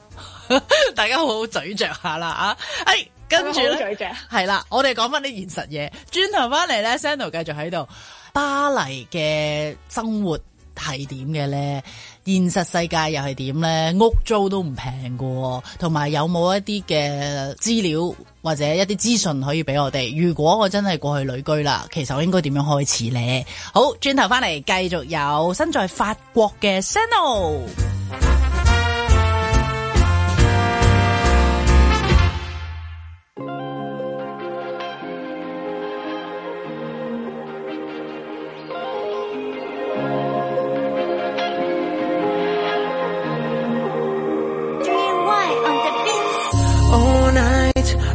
大家好好咀嚼下啦啊！哎，跟住咀嚼，係啦，我哋講翻啲現實嘢，轉頭翻嚟，咧，Sandro 繼續喺度，巴黎嘅生活係點嘅咧？現實世界又係點咧？屋租都唔平噶，同埋有冇一啲嘅資料？或者一啲資訊可以俾我哋。如果我真係過去旅居啦，其實我應該點樣開始呢？好，轉頭翻嚟繼續有身在法國嘅 Seno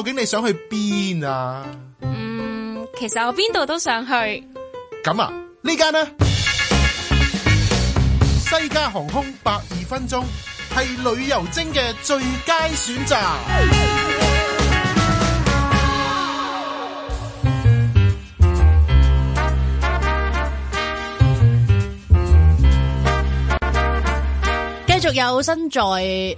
究竟你想去邊啊？嗯，其實我邊度都想去。咁啊，呢間呢， 西加航空百二分鐘，係旅遊精嘅最佳選擇。有身在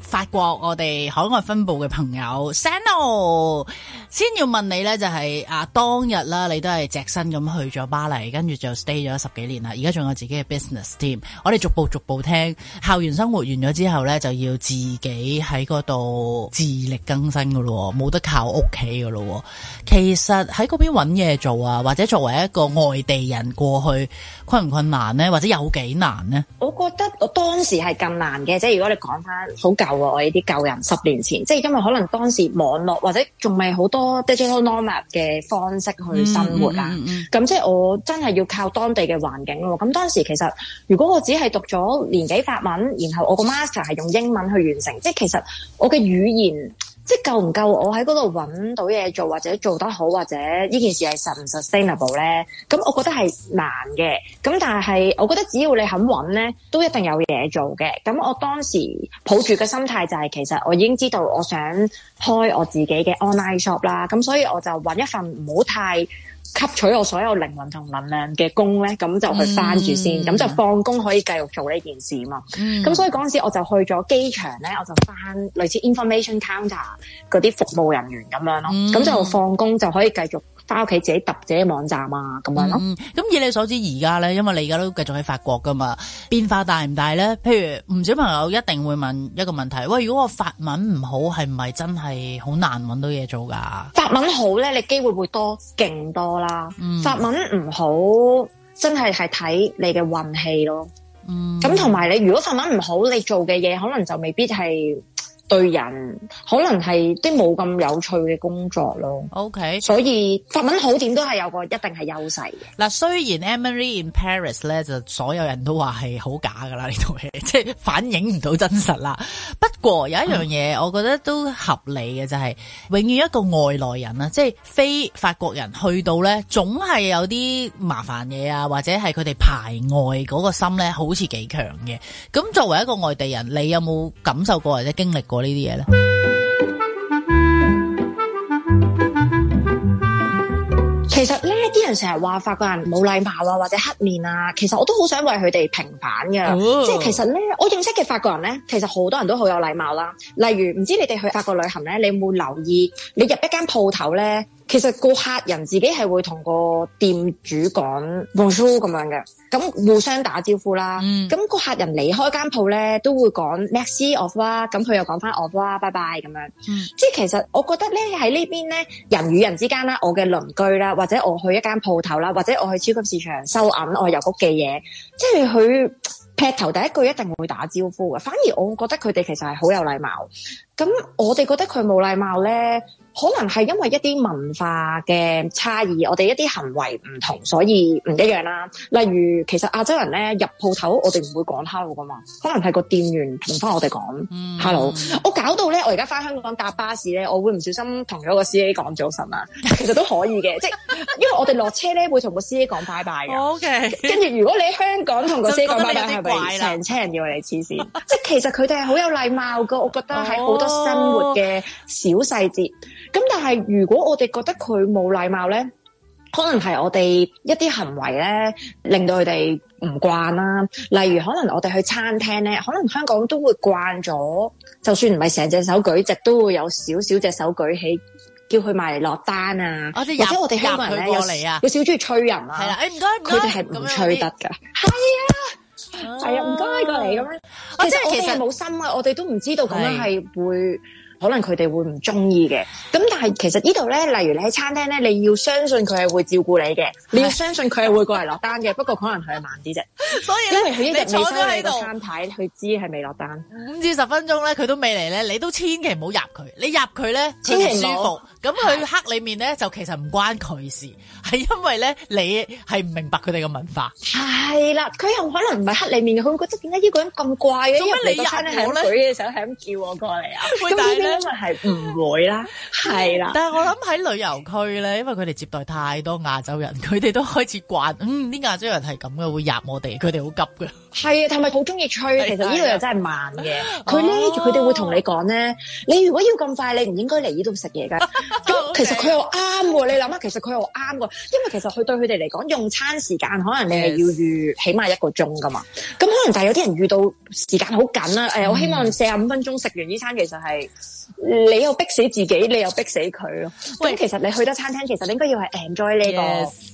法國，我哋海外分部嘅朋友，Sano。先要問你呢，就係、是、啊當日啦，你都係隻身咁去咗巴黎，跟住就 stay 咗十幾年啦。而家仲有自己嘅 business team，我哋逐步逐步聽，校園生活完咗之後呢，就要自己喺嗰度自力更生噶咯，冇得靠屋企噶咯。其實喺嗰邊揾嘢做啊，或者作為一個外地人過去，困唔困難呢，或者有幾難呢？我覺得我當時係咁難嘅，即係如果你講翻好舊啊，我呢啲舊人十年前，即係因為可能當時網絡或者仲未好多。哦、oh、digital nomad 嘅方式去生活啊，咁、嗯嗯嗯、即係我真係要靠當地嘅環境咯、啊。咁當時其實如果我只係讀咗年幾法文，然後我個 master 係用英文去完成，即係其實我嘅語言。即係夠唔夠我喺嗰度搵到嘢做，或者做得好，或者呢件事係實唔實 sustainable 咧？咁我覺得係難嘅。咁但係，我覺得只要你肯搵咧，都一定有嘢做嘅。咁我當時抱住嘅心態就係、是，其實我已經知道我想開我自己嘅 online shop 啦。咁所以我就搵一份唔好太。吸取我所有靈魂同能量嘅工咧，咁就去翻住先，咁、嗯、就放工可以繼續做呢件事嘛。咁、嗯、所以陣時我就去咗機場咧，我就翻類似 information counter 啲服務人員咁樣咯，咁、嗯、就放工就可以繼續。翻屋企自己揼自己網站啊，咁樣咯。咁、嗯、以你所知，而家咧，因為你而家都繼續喺法國噶嘛，變化大唔大咧？譬如唔少朋友一定會問一個問題：喂，如果我法文唔好，係唔係真係好難搵到嘢做噶？法文好咧，你機會會多，勁多啦。嗯、法文唔好，真係係睇你嘅運氣咯。咁同埋你如果法文唔好，你做嘅嘢可能就未必係。對人可能係啲冇咁有趣嘅工作咯，OK，所以法文好點都係有個一定係優勢嘅。嗱，雖然《Emily in Paris》咧就所有人都話係好假㗎啦，呢套嘢即係反映唔到真實啦。不過有一樣嘢，我覺得都合理嘅就係，永遠一個外來人啊，即係非法國人去到咧，總係有啲麻煩嘢啊，或者係佢哋排外嗰個心咧，好似幾強嘅。咁作為一個外地人，你有冇感受過或者經歷過？過呢啲嘢咧，其實呢啲人成日話法國人冇禮貌啊，或者黑面啊，其實我都好想為佢哋平反㗎。哦、即係其實呢，我認識嘅法國人呢，其實好多人都好有禮貌啦。例如，唔知你哋去法國旅行呢，你有冇留意？你入一間鋪頭呢？其實個客人自己係會同個店主講 Bonjour 咁樣嘅，咁互相打招呼啦。咁個、嗯、客人離開間鋪咧都會講 Merci of 啊，咁佢謝又講翻 Of 啊，拜拜咁樣。即係、嗯、其實我覺得咧喺呢邊咧人與人之間啦，我嘅鄰居啦，或者我去一間鋪頭啦，或者我去超級市場收銀，我入屋嘅嘢，即係佢劈頭第一句一定會打招呼嘅。反而我覺得佢哋其實係好有禮貌。咁我哋覺得佢冇禮貌咧。可能係因為一啲文化嘅差異，我哋一啲行為唔同，所以唔一樣啦。例如，其實亞洲人咧入鋪頭，我哋唔會講 hello 噶嘛。可能係個店員同翻我哋講 hello。我、嗯、搞到咧，我而家翻香港搭巴士咧，我會唔小心同咗個司機講早晨啊。其實都可以嘅，即係因為我哋落車咧會同個司機講拜拜嘅。O K。跟住如果你香港同個司機講拜拜，係咪成車人以為你黐線？ 即係其實佢哋係好有禮貌嘅，我覺得喺好多生活嘅小細節。咁但係如果我哋覺得佢冇禮貌咧，可能係我哋一啲行為咧，令到佢哋唔慣啦。例如可能我哋去餐廳咧，可能香港都會慣咗，就算唔係成隻手舉，只都會有少少隻手舉起叫佢埋嚟落單啊。或者我哋香港人咧有嚟啊，有少少中意催人啦。係啦，誒唔該，佢哋係唔催得噶。係啊，係啊，唔該過嚟咁樣。其實我哋冇心啊，我哋都唔知道咁樣係會。可能佢哋會唔中意嘅，咁但係其實呢度咧，例如你喺餐廳咧，你要相信佢係會照顧你嘅，的你要相信佢係會過嚟落單嘅。不過可能佢係慢啲啫。所以咧，你坐咗喺度睇，佢知係未落單。五至十分鐘咧，佢都未嚟咧，你都千祈唔好入佢。你入佢咧，舒服千祈唔好。咁佢黑裡面咧，的就其實唔關佢事，係因為咧，你係唔明白佢哋嘅文化。係啦，佢又可能唔係黑裡面，佢會覺得點解呢個人咁怪嘅？因為嚟個餐廳係咁舉嘅手，係咁呢叫我過嚟啊！ 因為係唔會啦，係啦。但係我諗喺旅遊區咧，因為佢哋接待太多亞洲人，佢哋都開始慣，嗯，啲亞洲人係咁嘅，會入我哋，佢哋好急㗎。 係啊，同埋好中意吹。其實的的、哦、呢度又真係慢嘅。佢咧，佢哋會同你講咧。你如果要咁快，你唔應該嚟呢度食嘢噶。其實佢又啱。你諗下其實佢又啱嘅。因為其實佢對佢哋嚟講，用餐時間可能你係要預起碼一個鐘噶嘛。咁可能就係有啲人遇到時間好緊啦。誒、呃，我希望四十五分鐘食完呢餐。其實係你又逼死自己，你又逼死佢咯。咁喂其實你去得餐廳，其實你應該要係 enjoy 呢個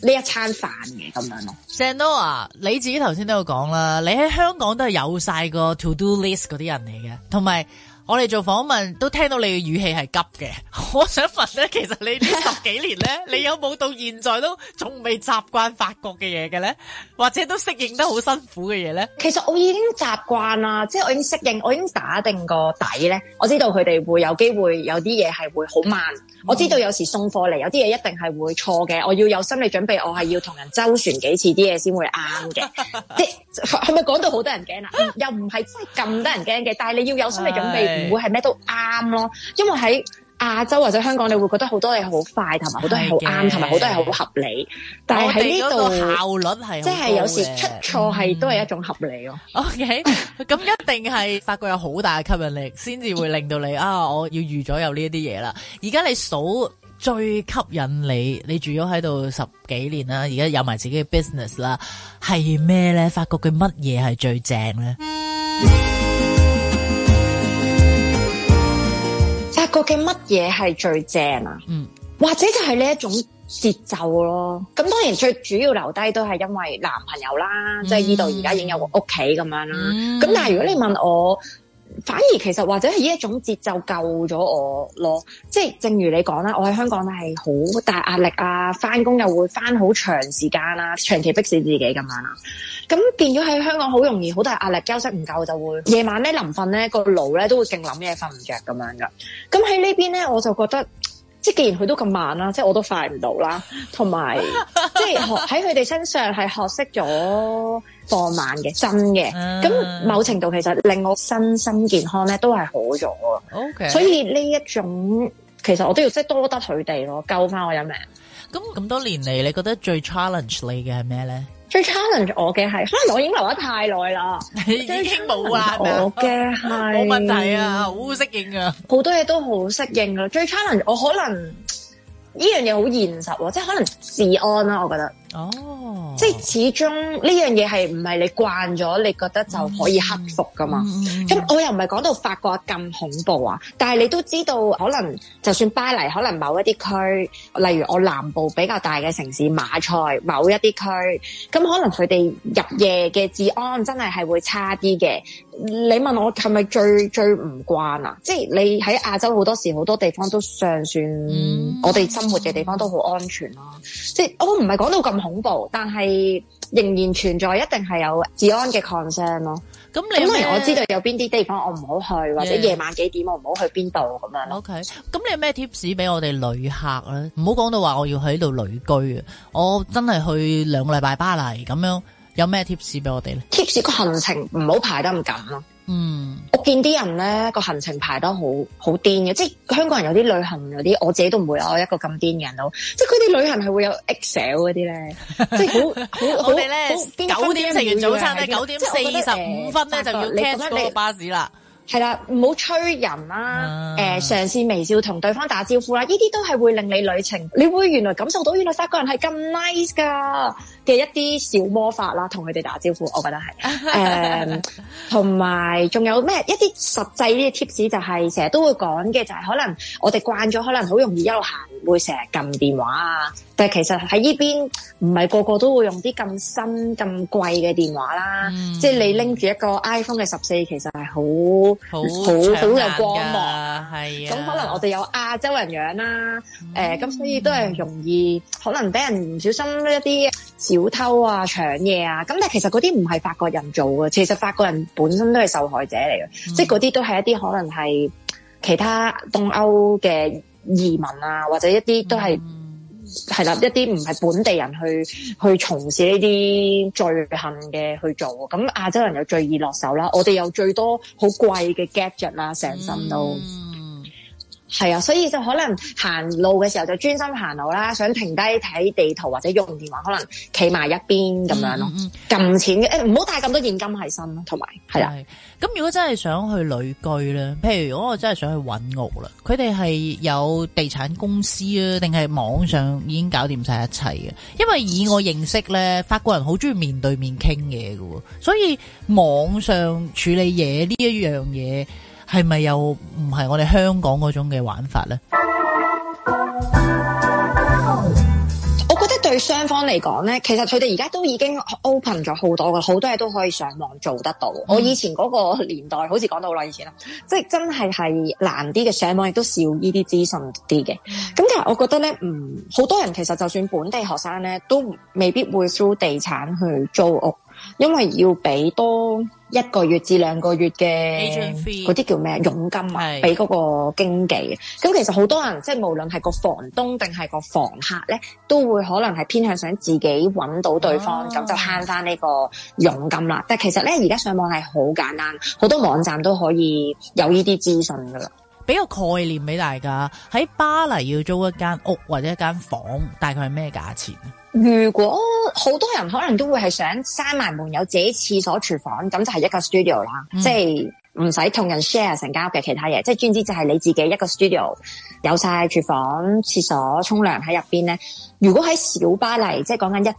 呢是一餐飯嘅咁樣。Sandra 你自己頭先都有講啦。你喺香港都係有晒個 to do list 嗰啲人嚟嘅，同埋。我哋做訪問都聽到你嘅語氣係急嘅， 我想問咧，其實你呢十幾年咧，你有冇到現在都仲未習慣法國嘅嘢嘅咧，或者都適應得好辛苦嘅嘢咧？其實我已經習慣啦，即係我已經適應，我已經打定個底咧。我知道佢哋會有機會有啲嘢係會好慢，嗯、我知道有時送貨嚟有啲嘢一定係會錯嘅，我要有心理準備，我係要同人周旋幾次啲嘢先會啱嘅。 即係咪講到好多人驚啊？ 又唔係真係咁得人驚嘅，但係你要有心理準備。 唔會係咩都啱咯，因為喺亞洲或者香港，你會覺得好多嘢好快，同埋好多嘢好啱，同埋好多嘢好合理。但係喺呢度效率係，即係有時出錯係都係一種合理咯。OK，咁一定係發覺有好大嘅吸引力，先至會令到你啊！我要預咗有呢啲嘢啦。而家你數最吸引你，你住咗喺度十幾年啦，而家有埋自己嘅 business 啦，係咩咧？發覺佢乜嘢係最正咧？嘅乜嘢係最正啊？嗯，或者就係呢一種節奏咯。咁當然最主要留低都係因為男朋友啦，即係依度而家已經有個屋企咁樣啦、啊。咁、嗯、但係如果你問我，反而其實或者係呢一種節奏救咗我咯，即係正如你講啦，我喺香港係好大壓力啊，翻工又會翻好長時間啦、啊，長期逼死自己咁樣啦。咁變咗喺香港好容易好大壓力，休息唔夠就會夜晚咧臨瞓咧個腦咧都會勁諗嘢，瞓唔着咁樣噶。咁喺呢邊咧我就覺得，即係既然佢都咁慢啦，即係我都快唔到啦，同埋 即係學喺佢哋身上係學識咗。放慢嘅真嘅，咁、uh、某程度其實令我身心健康咧都係好咗咯。O Okay . K，所以呢一種其實我都要即係多得佢哋咯，救翻我一命。咁咁多年嚟，你覺得最 challenge 你嘅係咩咧？最 challenge 我嘅係，可能我已經留得太耐啦， 你已經冇啦。我嘅係冇問題啊，好適應啊，好多嘢都好適應咯。最 challenge 我可能。呢樣嘢好現實，即係可能治安啦、啊，我覺得。哦，oh. 即係始終呢樣嘢係唔係你慣咗，你覺得就可以克服噶嘛？咁、mm hmm. 我又唔係講到法國咁恐怖啊，但係你都知道，可能就算巴黎，可能某一啲區，例如我南部比較大嘅城市馬賽某一啲區，咁可能佢哋入夜嘅治安真係係會差啲嘅。你問我係咪最最唔慣啊？即係你喺亞洲好多時，好多地方都尚算我哋生活嘅地方都好安全咯、啊。嗯、即係我唔係講到咁恐怖，但係仍然存在一定係有治安嘅 concern 咯。咁你因為我知道有邊啲地方我唔好去，是或者夜晚幾點我唔好去邊度咁樣。OK，咁你有咩 tips 俾我哋旅客咧？唔好講到話我要喺度旅居啊！我真係去兩個禮拜巴黎咁樣。有咩提示俾我哋咧？提示個行程唔好排得咁緊咯。嗯，我見啲人咧個行程排得好好癲嘅，即係香港人有啲旅行有啲，我自己都唔會啊，我一個咁癲嘅人咯。即係佢啲旅行係會有 Excel 嗰啲咧， 即係好好好哋咧，九點食完 早餐呢，九點四十五分咧就要 catch 巴士啦。係啦，唔好催人啦，啊，誒、啊呃，嘗試微笑同對方打招呼啦，呢啲都係會令你旅程，你會原來感受到原來法國人係咁 nice 噶嘅一啲小魔法啦，同佢哋打招呼，我覺得係，誒、 呃，同埋仲有咩？一啲實際啲嘅 tips 就係成日都會講嘅，就是，就係可能我哋慣咗，可能好容易一路行會成日撳電話啊。但係其實喺呢邊唔係個個都會用啲咁新咁貴嘅電話啦，即係你拎住一個 iPhone 嘅十四，其實係好好好有光芒係啊。咁可能我哋有亞洲人樣啦，誒咁所以都係容易可能俾人唔小心一啲小偷啊搶嘢啊。咁但係其實嗰啲唔係法國人做嘅，其實法國人本身都係受害者嚟嘅，即係嗰啲都係一啲可能係其他東歐嘅移民啊，或者一啲都係。係啦，一啲唔係本地人去去從事呢啲罪行嘅去做，咁亞洲人又最易落手啦。我哋有最多好貴嘅 gadget 啦，成身都。嗯係啊，所以就可能行路嘅時候就專心行路啦，想停低睇地圖或者用電話，可能企埋一邊咁樣咯。撳、嗯、錢嘅誒，唔好帶咁多現金喺身咯，同埋係啊。咁如果真係想去旅居咧，譬如如果我真係想去搵屋啦，佢哋係有地產公司啊，定係網上已經搞掂晒一切嘅？因為以我認識咧，法國人好中意面對面傾嘢噶，所以網上處理嘢呢一樣嘢。係咪又唔係我哋香港嗰種嘅玩法咧？我覺得對雙方嚟講咧，其實佢哋而家都已經 open 咗好多嘅，好多嘢都可以上網做得到。嗯、我以前嗰個年代，好似講到好耐以前啦，即、就、係、是、真係係難啲嘅上網，亦都少呢啲資訊啲嘅。咁但係我覺得咧，唔、嗯、好多人其實就算本地學生咧，都未必會 through 地產去租屋。因為要俾多一個月至兩個月嘅嗰啲叫咩佣金啊，俾嗰是個經紀。咁其實好多人即係無論係個房東定係個房客咧，都會可能係偏向想自己揾到對方，咁、oh. 就慳翻呢個佣金啦。但係其實咧，而家上網係好簡單，好多網站都可以有呢啲資訊噶啦。俾個概念俾大家，喺巴黎要租一間屋或者一間房，大概係咩價錢？如果好多人可能都會係想閂埋門，有自己廁所廚房，咁就係一個 studio 啦，嗯、即係。唔使同人 share 成間屋嘅其他嘢，即係專之就係你自己一個 studio，有晒廚房、廁所、沖涼喺入邊咧。如果喺小巴黎，即係講緊一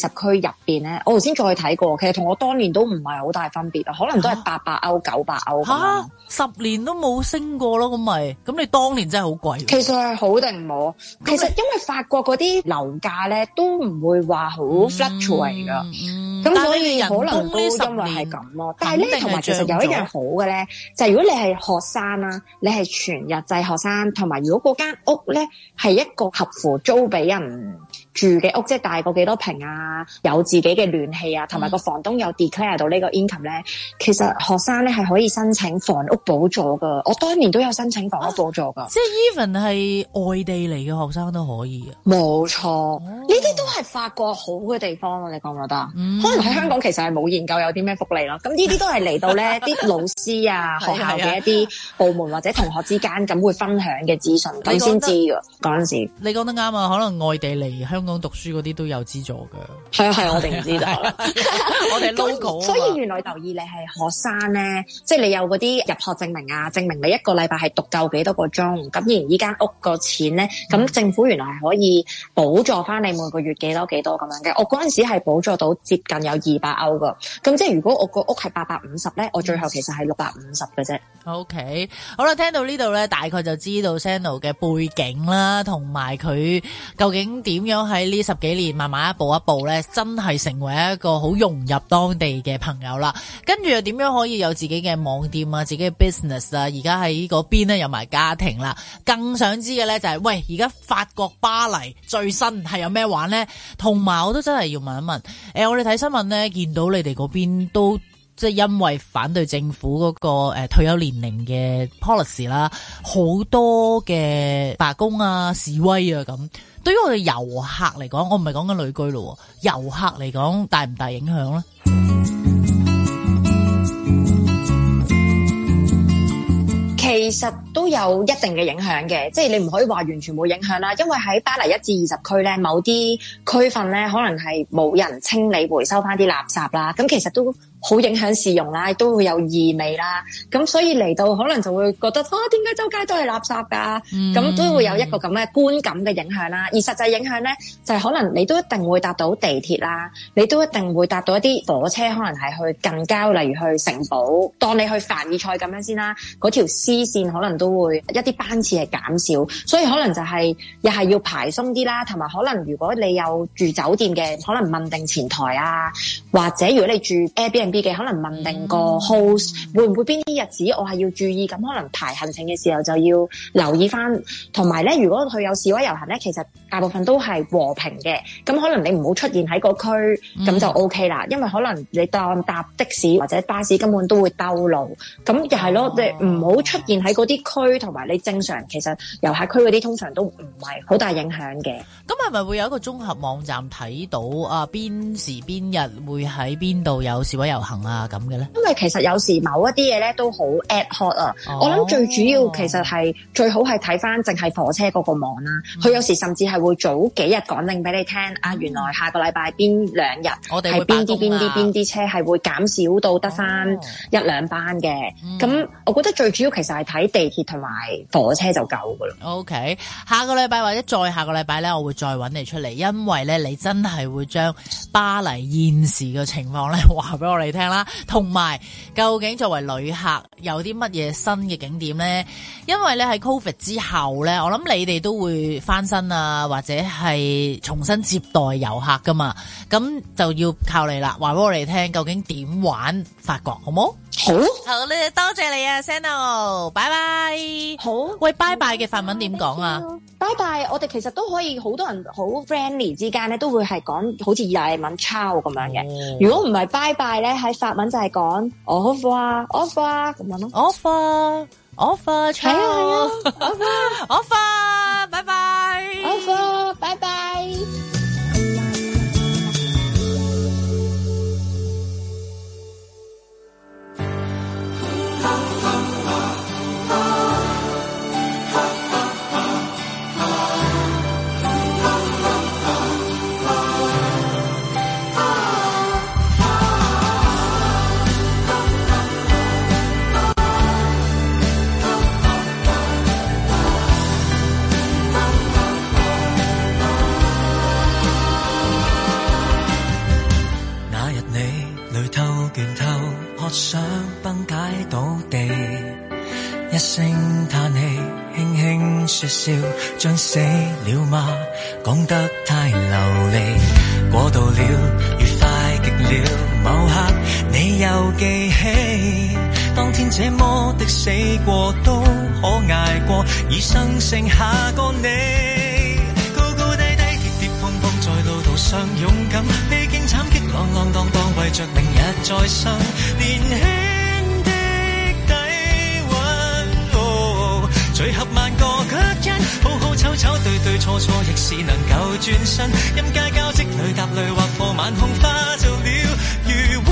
至二十區入邊咧，我頭先再去睇過，其實同我當年都唔係好大分別啊，可能都係八百歐九百歐嚇！啊啊、十年都冇升過咯，咁咪咁你當年真係好貴，其實係好定唔好？你其實因為法國嗰啲樓價咧都唔會話好 fluctuate 㗎，咁所以可能都因為係咁咯。但係咧同埋其實有一樣。好嘅咧，就係如果你係學生啦，你係全日制學生，同埋如果嗰間屋咧係一個合符租俾人，住嘅屋即係大過幾多平啊，有自己嘅暖氣啊，同埋個房東有 declare 到呢個 income 咧、嗯，其實學生咧係可以申請房屋補助噶。我當年都有申請房屋補助噶、啊。即係 even 係外地嚟嘅學生都可以啊。冇錯，呢啲、哦、都係法國好嘅地方。啊。你覺唔覺得可能喺香港其實係冇研究有啲咩福利咯、啊。咁、嗯、呢啲都係嚟到咧啲老師啊， 學校嘅一啲部門或者同學之間咁會分享嘅資訊，你先知㗎。嗰陣時你講得啱啊，可能外地嚟香香港讀書嗰啲都有資助嘅，係 啊係，啊 我哋唔知道，我哋 logo。所以原來留意你係學生咧，即係你有嗰啲入學證明啊，證明你一個禮拜係讀夠幾多個鐘，咁而依間屋個錢咧，咁政府原來係可以補助翻你每個月幾多幾多咁樣嘅。我嗰陣時係補助到接近有二百歐噶，咁即係如果我個屋係八百五十咧，我最後其實係六百五十嘅啫。OK，好啦，聽到呢度咧，大概就知道 Sano 嘅背景啦，同埋佢究竟點樣係。喺呢十幾年，慢慢一步一步咧，真係成為一個好融入當地嘅朋友啦。跟住又點樣可以有自己嘅網店啊，自己嘅 business 啊？而家喺嗰邊咧，有埋家庭啦。更想知嘅呢，就係，喂，而家法國巴黎最新係有咩玩呢？同埋，我都真係要問一問。誒，我哋睇新聞呢，見到你哋嗰邊都即係因為反對政府嗰個誒退休年齡嘅 policy 啦，好多嘅罷工啊、示威啊咁。對於我哋遊客嚟講，我唔係講緊旅居咯，遊客嚟講大唔大影響呢？其實都有一定嘅影響嘅，即係你唔可以話完全冇影響啦。因為喺巴黎一至二十區呢，某啲區份呢，可能係冇人清理回收返啲垃圾啦。咁其實都好影響市容啦，都會有異味啦，咁所以嚟到可能就會覺得啊，點解周街都係垃圾㗎？咁、嗯、都會有一個咁嘅觀感嘅影響啦。而實際影響呢，就係、是、可能你都一定會搭到地鐵啦，你都一定會搭到一啲火車，可能係去近郊，例如去城堡，當你去凡爾賽咁樣先啦。嗰條 C 線可能都會一啲班次係減少，所以可能就係又係要排鬆啲啦。同埋可能如果你有住酒店嘅，可能問定前台啊，或者如果你住 Airbnb。可能問定個 host 會唔會邊啲日子我係要注意，咁可能排行程嘅時候就要留意翻，同埋咧如果佢有示威遊行咧，其實大部分都係和平嘅，咁可能你唔好出現喺個區咁就 OK 啦，嗯、因為可能你當搭的士或者巴士根本都會兜路，咁又係咯，哦、你唔好出現喺嗰啲區，同埋你正常其實遊客區嗰啲通常都唔係好大影響嘅。咁係咪會有一個綜合網站睇到啊，邊時邊日會喺邊度有示威遊行？流行啊咁嘅咧，因為其實有時某一啲嘢，咧都好 ad hoc 啊。Oh, 我諗最主要其實係最好係睇翻淨係火車嗰個網啦，啊。佢、嗯、有時甚至係會早幾日講令俾你聽啊，原來下個禮拜邊兩日係邊啲、我哋會罷工啊、邊啲邊啲車係會減少到得翻一兩、oh, 班嘅。咁、嗯、我覺得最主要其實係睇地鐵同埋火車就夠噶啦。OK，下個禮拜或者再下個禮拜咧，我會再揾你出嚟，因為咧你真係會將巴黎現時嘅情況咧話俾我哋。嚟聽啦，同埋究竟作為旅客有啲乜嘢新嘅景點呢？因為咧喺 Covid 之後咧，我諗你哋都會翻身啊，或者係重新接待遊客噶嘛，咁就要靠你啦，話俾我哋聽究竟點玩法國好冇？好，好咧，多謝你啊，Sanno，拜拜。好，喂，拜拜嘅法文點講啊？拜拜，我哋其實都可以好多人好 friendly 之間咧，都會係講好似意大利文 ciao 咁樣嘅。如果唔係拜拜咧，喺法文就係講 au revoir，au revoir 咁樣咯。au revoir，au revoir，啊係啊，au revoir，au revoir，拜拜，au revoir，拜拜。聲嘆氣，輕輕說笑，將死了嗎？講得太流利，過度了，愉快極了。某刻你又記起，當天這麼的死過都可挨過，餘生剩下個你，高高低低跌跌碰碰，在路途上勇敢，歷經慘激浪浪蕩蕩，為着明日再生年輕。聚合萬個腳印，好好醜醜對對錯錯，亦是能夠轉身。陰界交織淚答淚劃破晚空，化做了餘溫。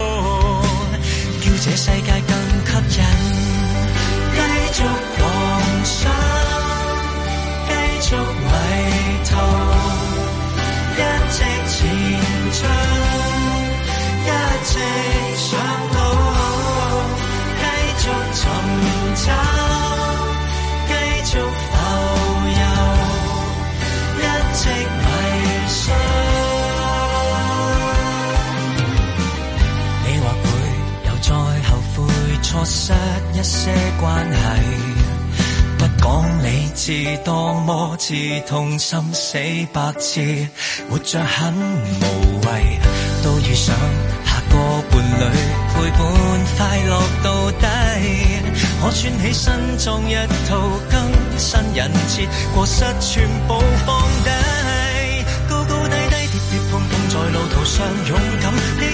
哦。叫這世界更吸引。失一些關係，不講理智多麼刺痛，心死百次，活着很無謂。都遇上下個伴侶陪伴快樂到底，可穿起身裝一套更新人設，過失全部放低，高高低低跌跌碰碰在路途上勇敢。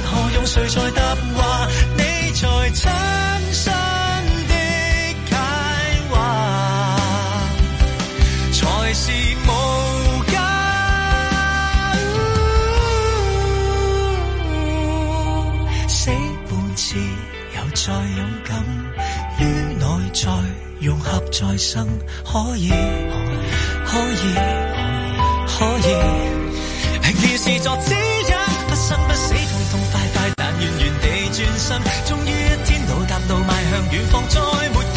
可用誰在答話？你在親身的解話，才是無價。死半次又再勇敢，於內在融合再生，可以，可以，可以，平然是作生不死，痛痛快快，但願願地轉身，終於一天到達，到邁向遠方，再沒。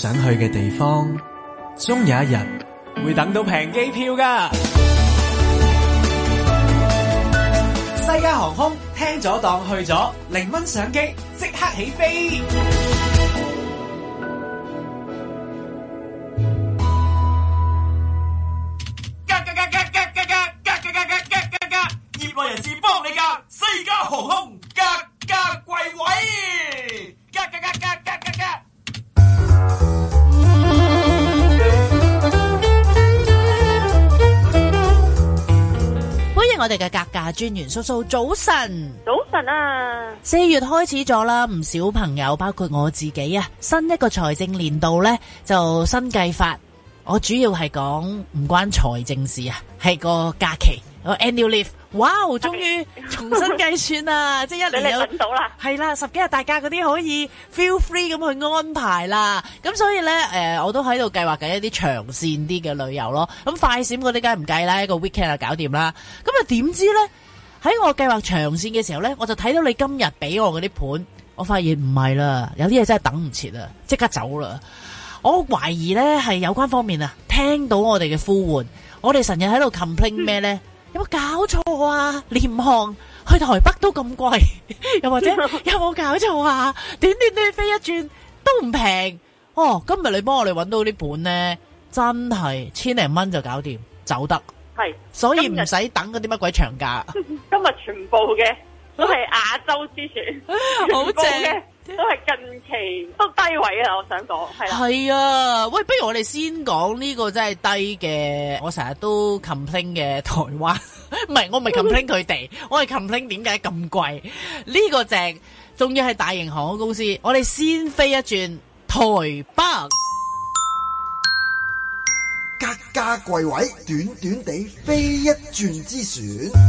想去嘅地方，終有一日會等到平機票㗎。西加航空聽咗檔去咗，零蚊上機即刻起飛。專員叔叔，早晨，早晨啊！四月開始咗啦，唔少朋友，包括我自己啊，新一個財政年度咧就新計法。我主要係講唔關財政事啊，係個假期，annual leave 哇，終於、wow, 重新計算啦，即係假期 一年有。係 啦，十幾日大家嗰啲可以 feel free 咁去安排啦。咁所以咧，誒、呃，我都喺度計劃緊一啲長線啲嘅旅遊咯。咁快閃嗰啲梗係唔計啦，一個 weekend 就搞掂啦。咁啊，點知咧？喺我計劃長線嘅時候呢，我就睇到你今日俾我嗰啲盤，我發現唔係啦，有啲嘢真係等唔切啦，即刻走啦！我懷疑呢係有關方面啊，聽到我哋嘅呼喚，我哋成日喺度 complain 咩呢，嗯、有冇搞錯啊？廉航去台北都咁貴，又或者有冇搞錯啊？短短都要飛一轉都唔平哦！今日你幫我哋揾到啲盤呢，真係千零蚊就搞掂，走得。所以唔使等嗰啲乜鬼長假今，今日全部嘅都係亞洲之選，好正！ 全部嘅都係近期都低位啊！我想講係係啊，喂，不如我哋先講呢個真係低嘅，我成日都 complain 嘅台灣，唔係我唔係 complain 佢哋，我係 complain 點解咁貴？呢、 這個正，仲要係大型航空公司，我哋先飛一轉台北。加櫃位，短短地飛一轉之船。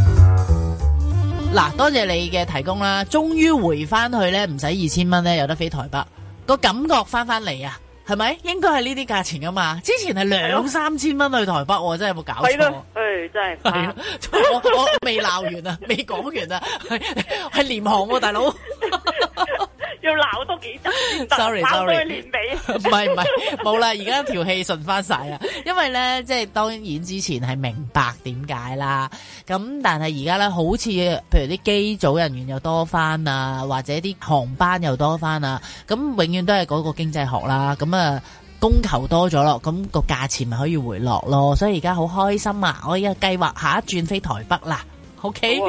嗱，多謝你嘅提供啦，終於回翻去咧，唔使二千蚊咧，有得飛台北，個感覺翻翻嚟啊，係咪？應該係呢啲價錢噶嘛，之前係兩三千蚊去台北，啊，真係冇搞錯，啊。係咯，誒，真係。係，我我未鬧完啊，未講完啊，係係廉航喎，啊，大佬。 要鬧都幾得，鬧佢年尾。唔係唔係，冇 啦。 而家條氣順翻晒啦。因為咧，即係當然之前係明白點解啦。咁但係而家咧，好似譬如啲機組人員又多翻啊，或者啲航班又多翻啊。咁永遠都係嗰個經濟學啦。咁啊，供求多咗咯，咁個價錢咪可以回落咯。所以而家好開心啊！我而家計劃下一轉飛台北啦。O K，一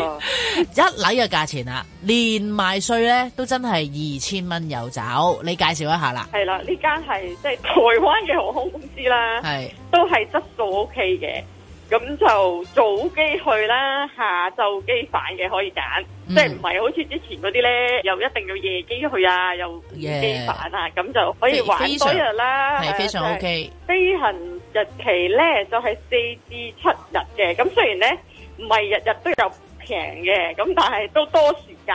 禮嘅價錢啦，連埋稅咧都真係二千蚊有找。你介紹一下啦，係啦，呢間係即係台灣嘅航空公司啦，係都係質素 O K 嘅。咁就早機去啦，下晝機返嘅可以揀，即係唔係好似之前嗰啲咧，又一定要夜機去啊，又夜機返啊，咁就可以玩多日啦，係非常 O K。飛行日期咧就係四至七日嘅，咁雖然咧。唔係日日都有平嘅，咁但係都多時間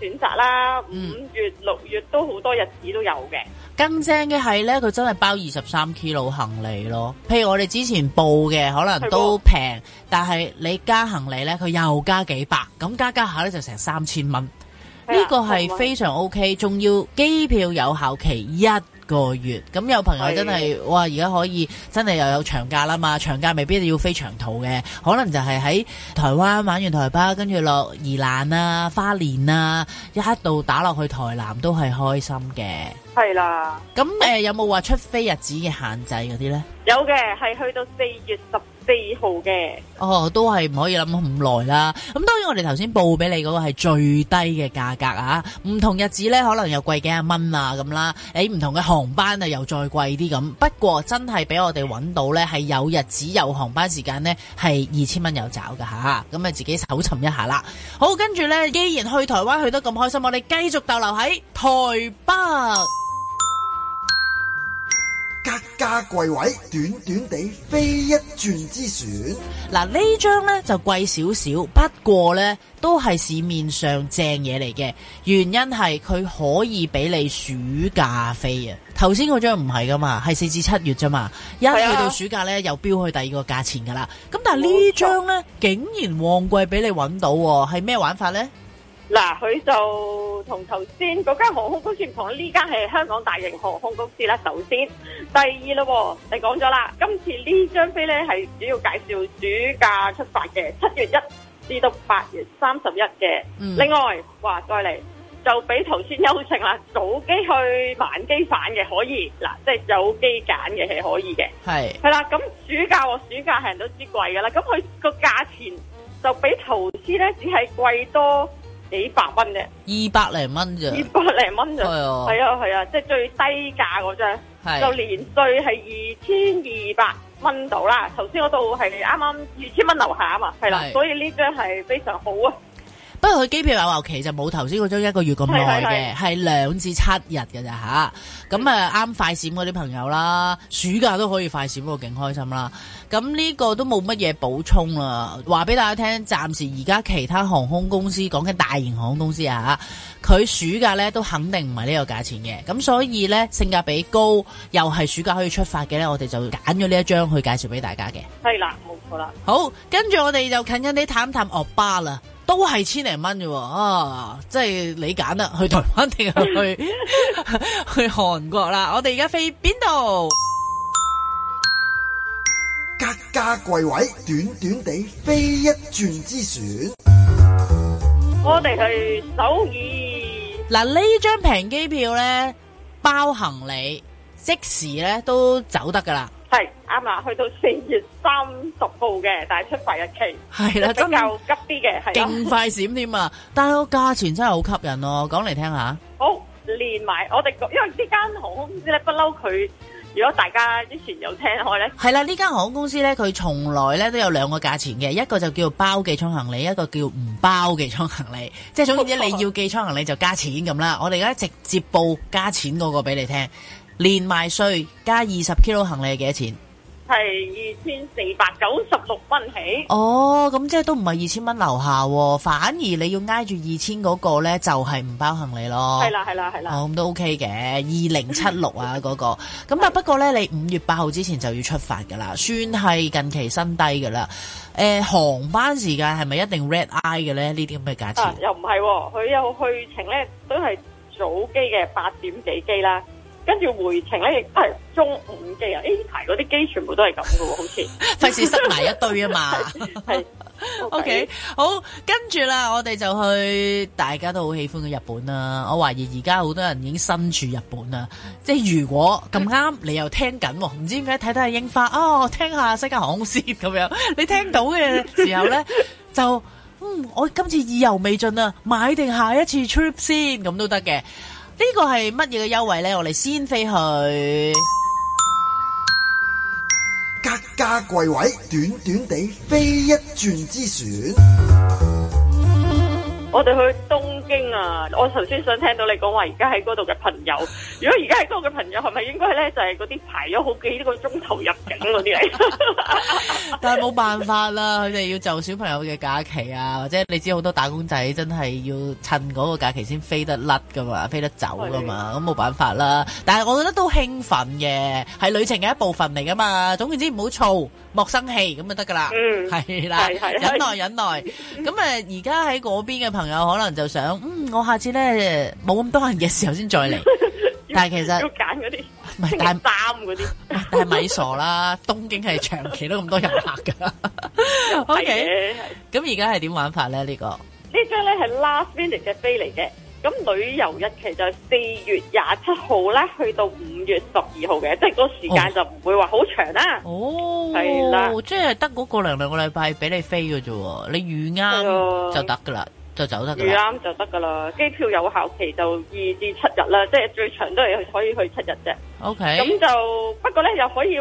選擇啦。五月六月都好多日子都有嘅。更正嘅係呢，佢真係包二十三 kilo 行李咯。譬如我哋之前報嘅可能都平，的但係你加行李呢，佢又加幾百，咁加加下呢，就成三千蚊。呢的個係非常 O K，仲要機票有效期一。個月咁有朋友真係的哇！而家可以真係又有長假啦嘛，長假未必要飛長途嘅，可能就係喺台灣玩完台北，跟住落宜蘭啊、花蓮啊，一路打落去台南都係開心嘅。係啦的。咁誒、呃、有冇話出飛日子嘅限制嗰啲呢？有嘅，係去到四月十四號嘅哦，都係唔可以諗咁耐啦。咁當然我哋頭先報俾你嗰個係最低嘅價格啊。唔同日子呢，可能又貴幾廿蚊啊咁啦。喺、欸、唔同嘅航班啊，又再貴啲咁。不過真係俾我哋揾到呢，係有日子有航班時間呢，係二千蚊有找㗎吓。咁啊，自己搜尋一下啦。好，跟住呢，既然去台灣去得咁開心，我哋繼續逗留喺台北。價貴位短短地飛一轉之選，嗱，呢張呢就貴少少，不過呢都係市面上正嘢嚟嘅，原因係佢可以俾你暑假飛啊。頭先嗰張唔係噶嘛，係四至七月啫嘛，一去到暑假呢，又飆去第二個價錢噶啦。咁但係呢張呢，竟然旺季俾你揾到，係咩玩法呢？嗱，佢就同頭先嗰間航空公司唔同，呢間係香港大型航空公司啦。首先，第二咯，你講咗啦，今次呢張飛呢，係主要介紹暑假出發嘅，七月一至到八月三十一嘅。嗯、另外，話再嚟就比頭先優勝啦，早機去晚機返嘅可以嗱，即係早機揀嘅係可以嘅，係係是啦。咁暑假或暑假係人都知貴㗎啦，咁佢個價錢就比頭先呢，只係貴多。幾百蚊啫，二百零蚊啫，二百零蚊啫，係啊，係啊，即係、啊就是、最低價嗰張，是就年稅係二千二百蚊度啦。頭先嗰度係啱啱二千蚊樓下啊嘛，係啦，是所以呢張係非常好啊。不過佢機票有效期就冇頭先嗰張一個月咁耐嘅，係兩至七日㗎咋吓。咁啊啱快閃嗰啲朋友啦，暑假都可以快閃，我勁開心啦。咁呢個都冇乜嘢補充啦。話俾大家聽，暫時而家其他航空公司，講緊大型航空公司啊，佢暑假呢都肯定唔係呢個價錢嘅。咁所以呢，性價比高，又係暑假可以出發嘅呢，我哋就揀咗呢一張去介紹俾大家嘅。係啦，冇錯啦。好，跟住我哋就近近地探探阿巴啦。都係千零蚊啫，啊！即係你揀啦，去台灣定係去 去韓國啦？我哋而家飛邊度？格價貴位，短短地飛一轉之船。我哋去首爾。嗱，張機呢張平機票咧，包行李，即時咧都走得噶啦。係啱啦，去到四月三十號嘅，但係出發日期係啦，的比較急啲嘅，係啦，勁快閃添啊！但係個價錢真係好吸引咯，啊，講嚟聽下。好連埋我哋，因為呢間航空公司咧，不嬲佢。如果大家之前有聽開咧，係啦，呢間航空公司咧，佢從來咧都有兩個價錢嘅，一個就叫包寄倉行李，一個叫唔包寄倉行李。即係總之，你要寄倉行李就加錢咁啦。 我哋而家直接報加錢嗰個俾你聽。連埋稅加二十 kilo 行李係幾多錢？係二千四百九十六蚊起。哦，咁即係都唔係二千蚊樓下，啊，反而你要挨住二千嗰個呢，就係、是、唔包行李咯。係啦，係啦，係啦。哦、嗯，咁都 OK 嘅，二零七六啊，嗰、 嗰個。咁啊，是不過呢，你五月八號之前就要出發噶啦，算係近期新低噶啦。誒、呃，航班時間係咪一定 red eye 嘅呢？呢啲咁嘅價錢？啊、又唔係、哦，佢有去程呢，都係早機嘅八點幾機啦。跟住回程咧，係、哎、中五機啊！A 排嗰啲機全部都係咁噶喎，好似費事塞埋一堆啊嘛。係 O K，好跟住啦，我哋就去大家都好喜歡嘅日本啦。我懷疑而家好多人已經身處日本啦。即係如果咁啱，你又聽緊，唔知點解睇睇櫻花啊、哦？聽下西加航空先咁樣。你聽到嘅時候咧， 就嗯，我今次意猶未盡啊，買定下一次 trip 先咁都得嘅。呢個係乜嘢嘅優惠咧？我哋先飛去格價貴位，短短地飛一轉之船。我哋去東京啊！我頭先想聽到你講話，而家喺嗰度嘅朋友，如果而家喺嗰度嘅朋友，係咪應該咧就係嗰啲排咗好幾個鐘頭入境嗰啲嚟？ 但係冇辦法啦，佢哋要就小朋友嘅假期啊，或者你知好多打工仔真係要趁嗰個假期先飛得甩噶嘛，飛得走噶嘛，咁冇是辦法啦。但係我覺得都興奮嘅，係旅程嘅一部分嚟噶嘛。總言之吵，唔好嘈。莫生氣咁就得噶啦，係啦，忍耐忍耐。咁啊，而家喺嗰邊嘅朋友可能就想，嗯，我下次咧冇咁多人嘅時候先再嚟。但係其實要揀嗰啲唔係，但係衫嗰啲，但係咪傻啦，東京係長期都咁多人客噶。O K，咁而家係點玩法咧？呢個呢張咧係 Last Minute 飛嚟嘅。咁旅遊日期就係四月廿七號咧，去到五月十二號嘅，即係嗰個時間就唔會話好長啦，啊。哦，係啦的，即係得嗰個零兩個禮拜俾你飛㗎啫，你預啱的就得㗎啦。遇啱就得噶啦，機票有效期就二至七日啦，days, 即係最長都係可以去七日啫。OK，咁就不過咧又可以，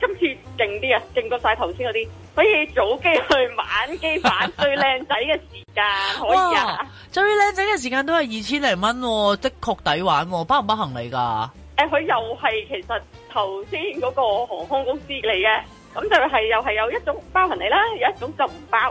今次勁啲啊，勁過晒頭先嗰啲，可以早機去晚機返 最靚仔嘅時間，可以啊 最靚仔嘅時間都係二千零蚊，的確抵玩。哦，包唔包行李噶、啊？誒、啊，佢又係其實頭先嗰個航空公司嚟嘅，咁就係又係有一種包行李啦，有一種就唔包。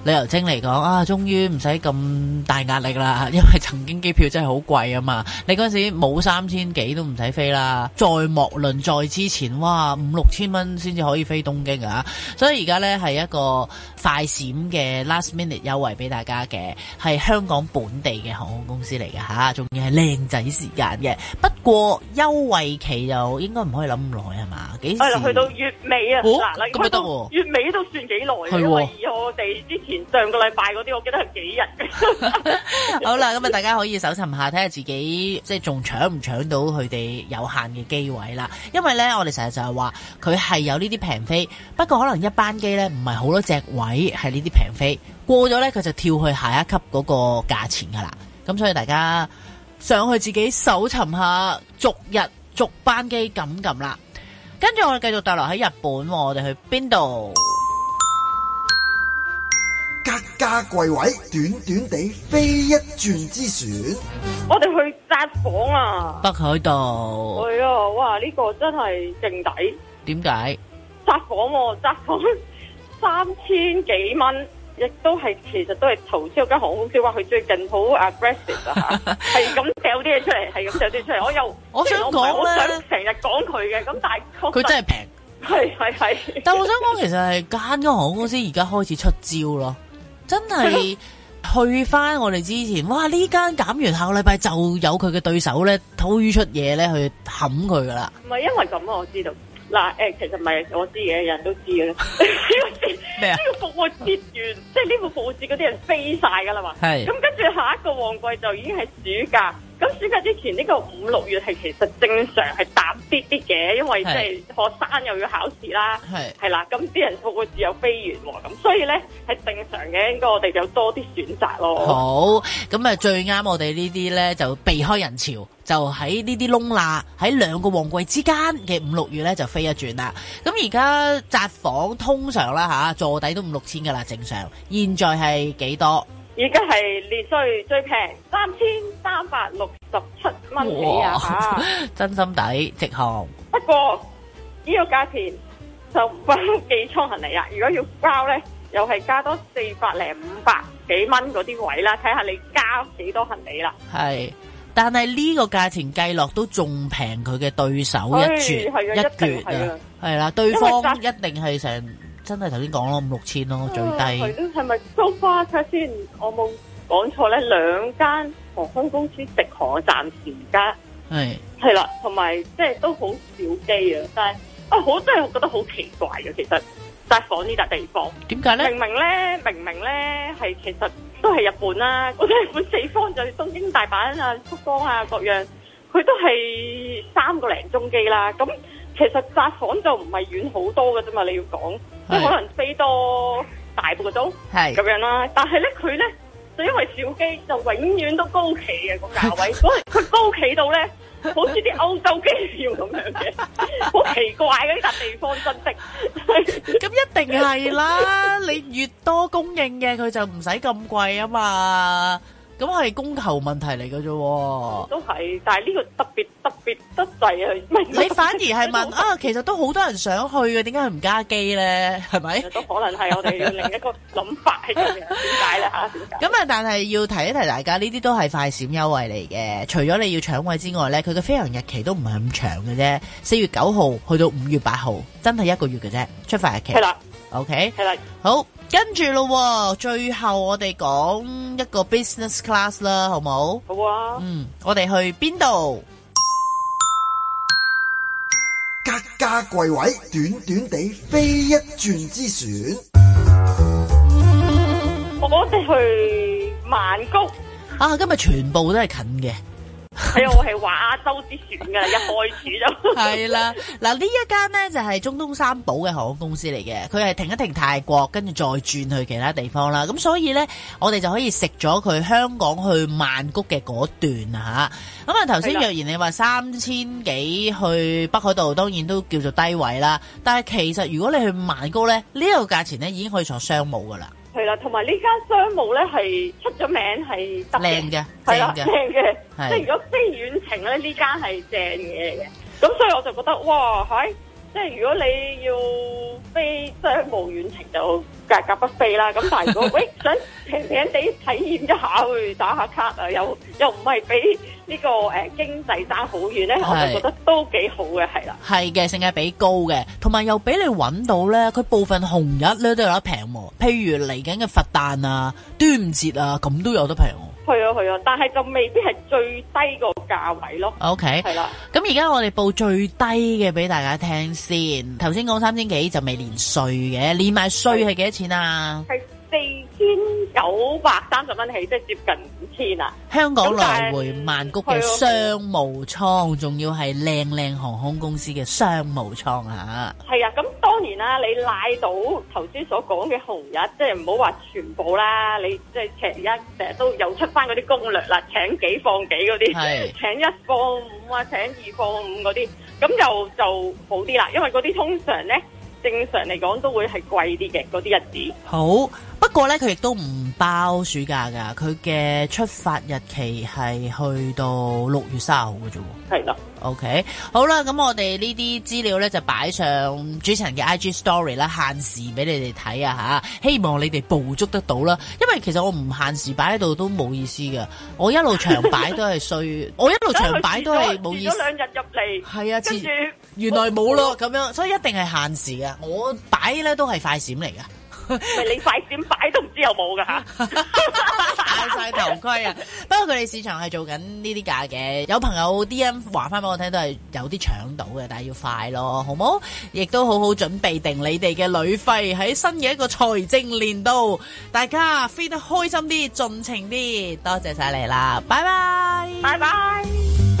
旅遊精嚟講啊，終於唔使咁大壓力啦，因為曾經機票真係好貴啊嘛，你嗰時冇三千幾都唔使飛啦，再莫論再之前，哇，五六千蚊先至可以飛東京啊，所以而家呢係一個快閃嘅 last minute 優惠俾大家嘅，係香港本地嘅航空公司嚟嘅吓，仲要係靚仔時間嘅，不過優惠期就應該唔可以諗咁耐係嘛，係啦，去到月尾啊，嗱，咁咪得，月尾都算幾耐啊，因為以我哋之前。上個禮拜嗰啲，我記得係幾日嘅。好啦，咁啊，大家可以搜尋下，睇下自己即係仲搶唔搶到佢哋有限嘅機位啦。因為呢，我哋成日就係話佢係有呢啲平飛，不過可能一班機呢唔係好多隻位係呢啲平飛。過咗呢，佢就跳去下一級嗰個價錢噶啦。咁、嗯、所以大家上去自己搜尋下，逐日逐班機撳一撳啦。跟住我哋繼續逗留喺日本，哦、我哋去邊度？格價貴位，短短地飛一轉之選。我哋去札幌啊！北海道係啊！ 哇，呢、這個真係勁抵。點解？札幌喎、啊，札幌三千幾蚊，亦都係其實都係頭先嗰間航空公司話佢最近好 aggressive 啊，吓係咁掉啲嘢出嚟，係咁掉 e l 啲出嚟。我又我想講我想成日講佢嘅咁，但佢真係平，係係係。 但我想講，其實係間間航空公司而家開始出招咯。真係去翻我哋之前，哇！呢間減完下禮拜就有佢嘅對手咧推出嘢咧去冚佢噶啦。唔係因為咁啊，我知道嗱誒，其實唔係我知嘅，人都知嘅。呢個咩啊？呢個復活節完， 即係呢個復活節嗰啲人飛晒噶啦嘛。係是。咁跟住下一個旺季就已經係暑假。咁暑假之前呢個五六月係其實正常係淡啲啲嘅，因為即係學生又要考試啦，係啦是，咁啲人就會自由飛完喎，咁所以呢，係正常嘅，應該我哋有多啲選擇咯。好，咁啊最啱我哋呢啲呢，就避開人潮，就喺呢啲窿罅，喺兩個旺季之間嘅五六月呢，就飛一轉啦。咁而家扎房通常啦吓坐底都五六千噶啦正常，現在係幾多？而家係年最最平三千三百六十七蚊幾啊！ 真心抵直航。不過呢個價錢就唔包寄倉行李啊！如果要包咧，又係加多四百零五百幾蚊嗰啲位啦，睇下你加幾多行李啦。係，但係呢個價錢計落都仲平佢嘅對手一折一折絕啊！係啦，對方一定係成。真係頭先講咯，五六千咯，最低。係咪？so far 睇下先，我冇講錯咧。兩間航空公司直航暫時而家係係啦，同埋即係都好少機啊。但係啊，好真係我覺得好奇怪嘅，其實札幌呢笪地方，點解咧？明明咧，明明咧，係其實都係日本啦，嗰啲日本地方就東京、大阪啊、福岡啊各樣，佢都係三個零鐘機啦。咁其實札幌就唔係遠好多嘅啫嘛，你要講。可能飛多大半個鐘，係咁樣啦。但係咧，佢咧就因為小機就永遠都高企嘅個價位，所以佢高企到咧，好似啲歐洲機票咁樣嘅，好奇怪呢笪地方真的。咁一定係啦，你越多供應嘅，佢就唔使咁貴啊嘛。咁係供求問題嚟嘅啫，都係，但係呢個特別特別得滯啊！你反而係問啊，其實都好多人想去嘅，點解佢唔加機咧？係咪？都可能係我哋要另一個諗法係咁樣，點解咧吓？咁啊，但係要提一提大家，呢啲都係快閃優惠嚟嘅，除咗你要搶位之外咧，佢嘅飛行日期都唔係咁長嘅啫，四月九號去到五月八號，真係一個月嘅啫，出發日期。係啦，OK，係啦，好。跟住咯，最後我哋講一個 business class 啦，好唔好？好啊。嗯，我哋去邊度？格價櫃位，短短地飛一轉之選。我哋去曼谷。啊，今日全部都係近嘅。係我係話亞洲之選噶，一開始就係啦。嗱呢一間呢，就係中東三寶嘅航空公司嚟嘅，佢係停一停泰國，跟住再轉去其他地方啦。咁所以呢，我哋就可以食咗佢香港去曼谷嘅嗰段啊吓。咁啊，頭先若然你話三千幾去北海道，當然都叫做低位啦。但係其實如果你去曼谷呢，呢、呢個價錢呢已經可以坐商務噶啦。係啦，同埋呢間商務咧係出咗名係得靚嘅，係啦，正嘅，即係如果飛遠程咧，呢間係正嘢嘅，咁所以我就覺得哇，係。即係如果你要飛即係無遠程就價格不菲啦，咁但係如果 喂想平平地體驗一下去打下卡，啊，又又唔係比呢、這個誒、呃、經濟差好遠咧，是我就覺得都幾好嘅，係啦。係嘅，性價比高嘅，同埋又俾你搵到咧，佢部分紅日咧都有得平喎，譬如嚟緊嘅佛誕啊、端午節啊，咁都有得平。係啊，係啊，但係就未必係最低個價位咯。OK，係啦的。咁而家我哋報最低嘅俾大家聽先。頭先講三千幾就未連稅嘅，嗯、連埋稅係幾多錢啊？四千九百三十蚊起，即係接近五千啊！香港來回曼谷嘅商務艙，仲要係靚靚航空公司嘅商務艙吓。係啊，咁當然啦，你賴到頭先所講嘅紅日，即係唔好話全部啦，你即係請一成日都有出翻嗰啲攻略啦，請幾放幾嗰啲，請一放五啊，請二放五嗰啲，咁就就好啲啦。因為嗰啲通常咧，正常嚟講都會係貴啲嘅嗰啲日子。好。不過咧，佢亦都唔包暑假，噶，佢嘅出發日期係去到六月三十號嘅啫。係啦的，OK，好啦，咁我哋呢啲資料咧就擺上主持人嘅 IG Story 啦，限時俾你哋睇啊吓，希望你哋捕捉得到啦。因為其實我唔限時擺喺度都冇意思嘅，我一路長擺都係衰， 我一路長擺都係冇意思。咗兩日入嚟，係啊，跟住著原來冇咯咁樣，所以一定係限時嘅，我擺咧都係快閃嚟噶。喂， 你快點擺都唔知有冇噶，戴 晒 頭盔啊！ 不過佢哋市場係做緊呢啲價嘅，有朋友 DM 話翻俾我聽，都係有啲搶到嘅，但係要快咯，好冇？亦都好好準備定你哋嘅旅費喺新嘅一個財政年度，大家飛得開心啲，盡情啲，多謝晒你啦，拜拜，拜拜。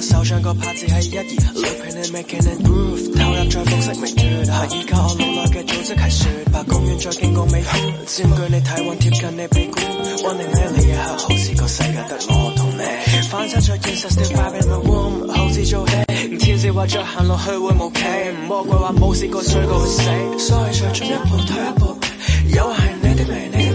手上個拍子係一頁 Yeah.，Looking and making and groove，投入在風色迷住下。依、啊、靠我腦內嘅組織係雪白公園再經過美學，佔據 你體温貼近你鼻管，One and only 一刻， 你你好似個世界得我同你。翻身在 insist to find in my womb，好似做天使話再行落去會無期，魔鬼話冇試過衰過死，所以再進一步，退一步，因為係你的魅力。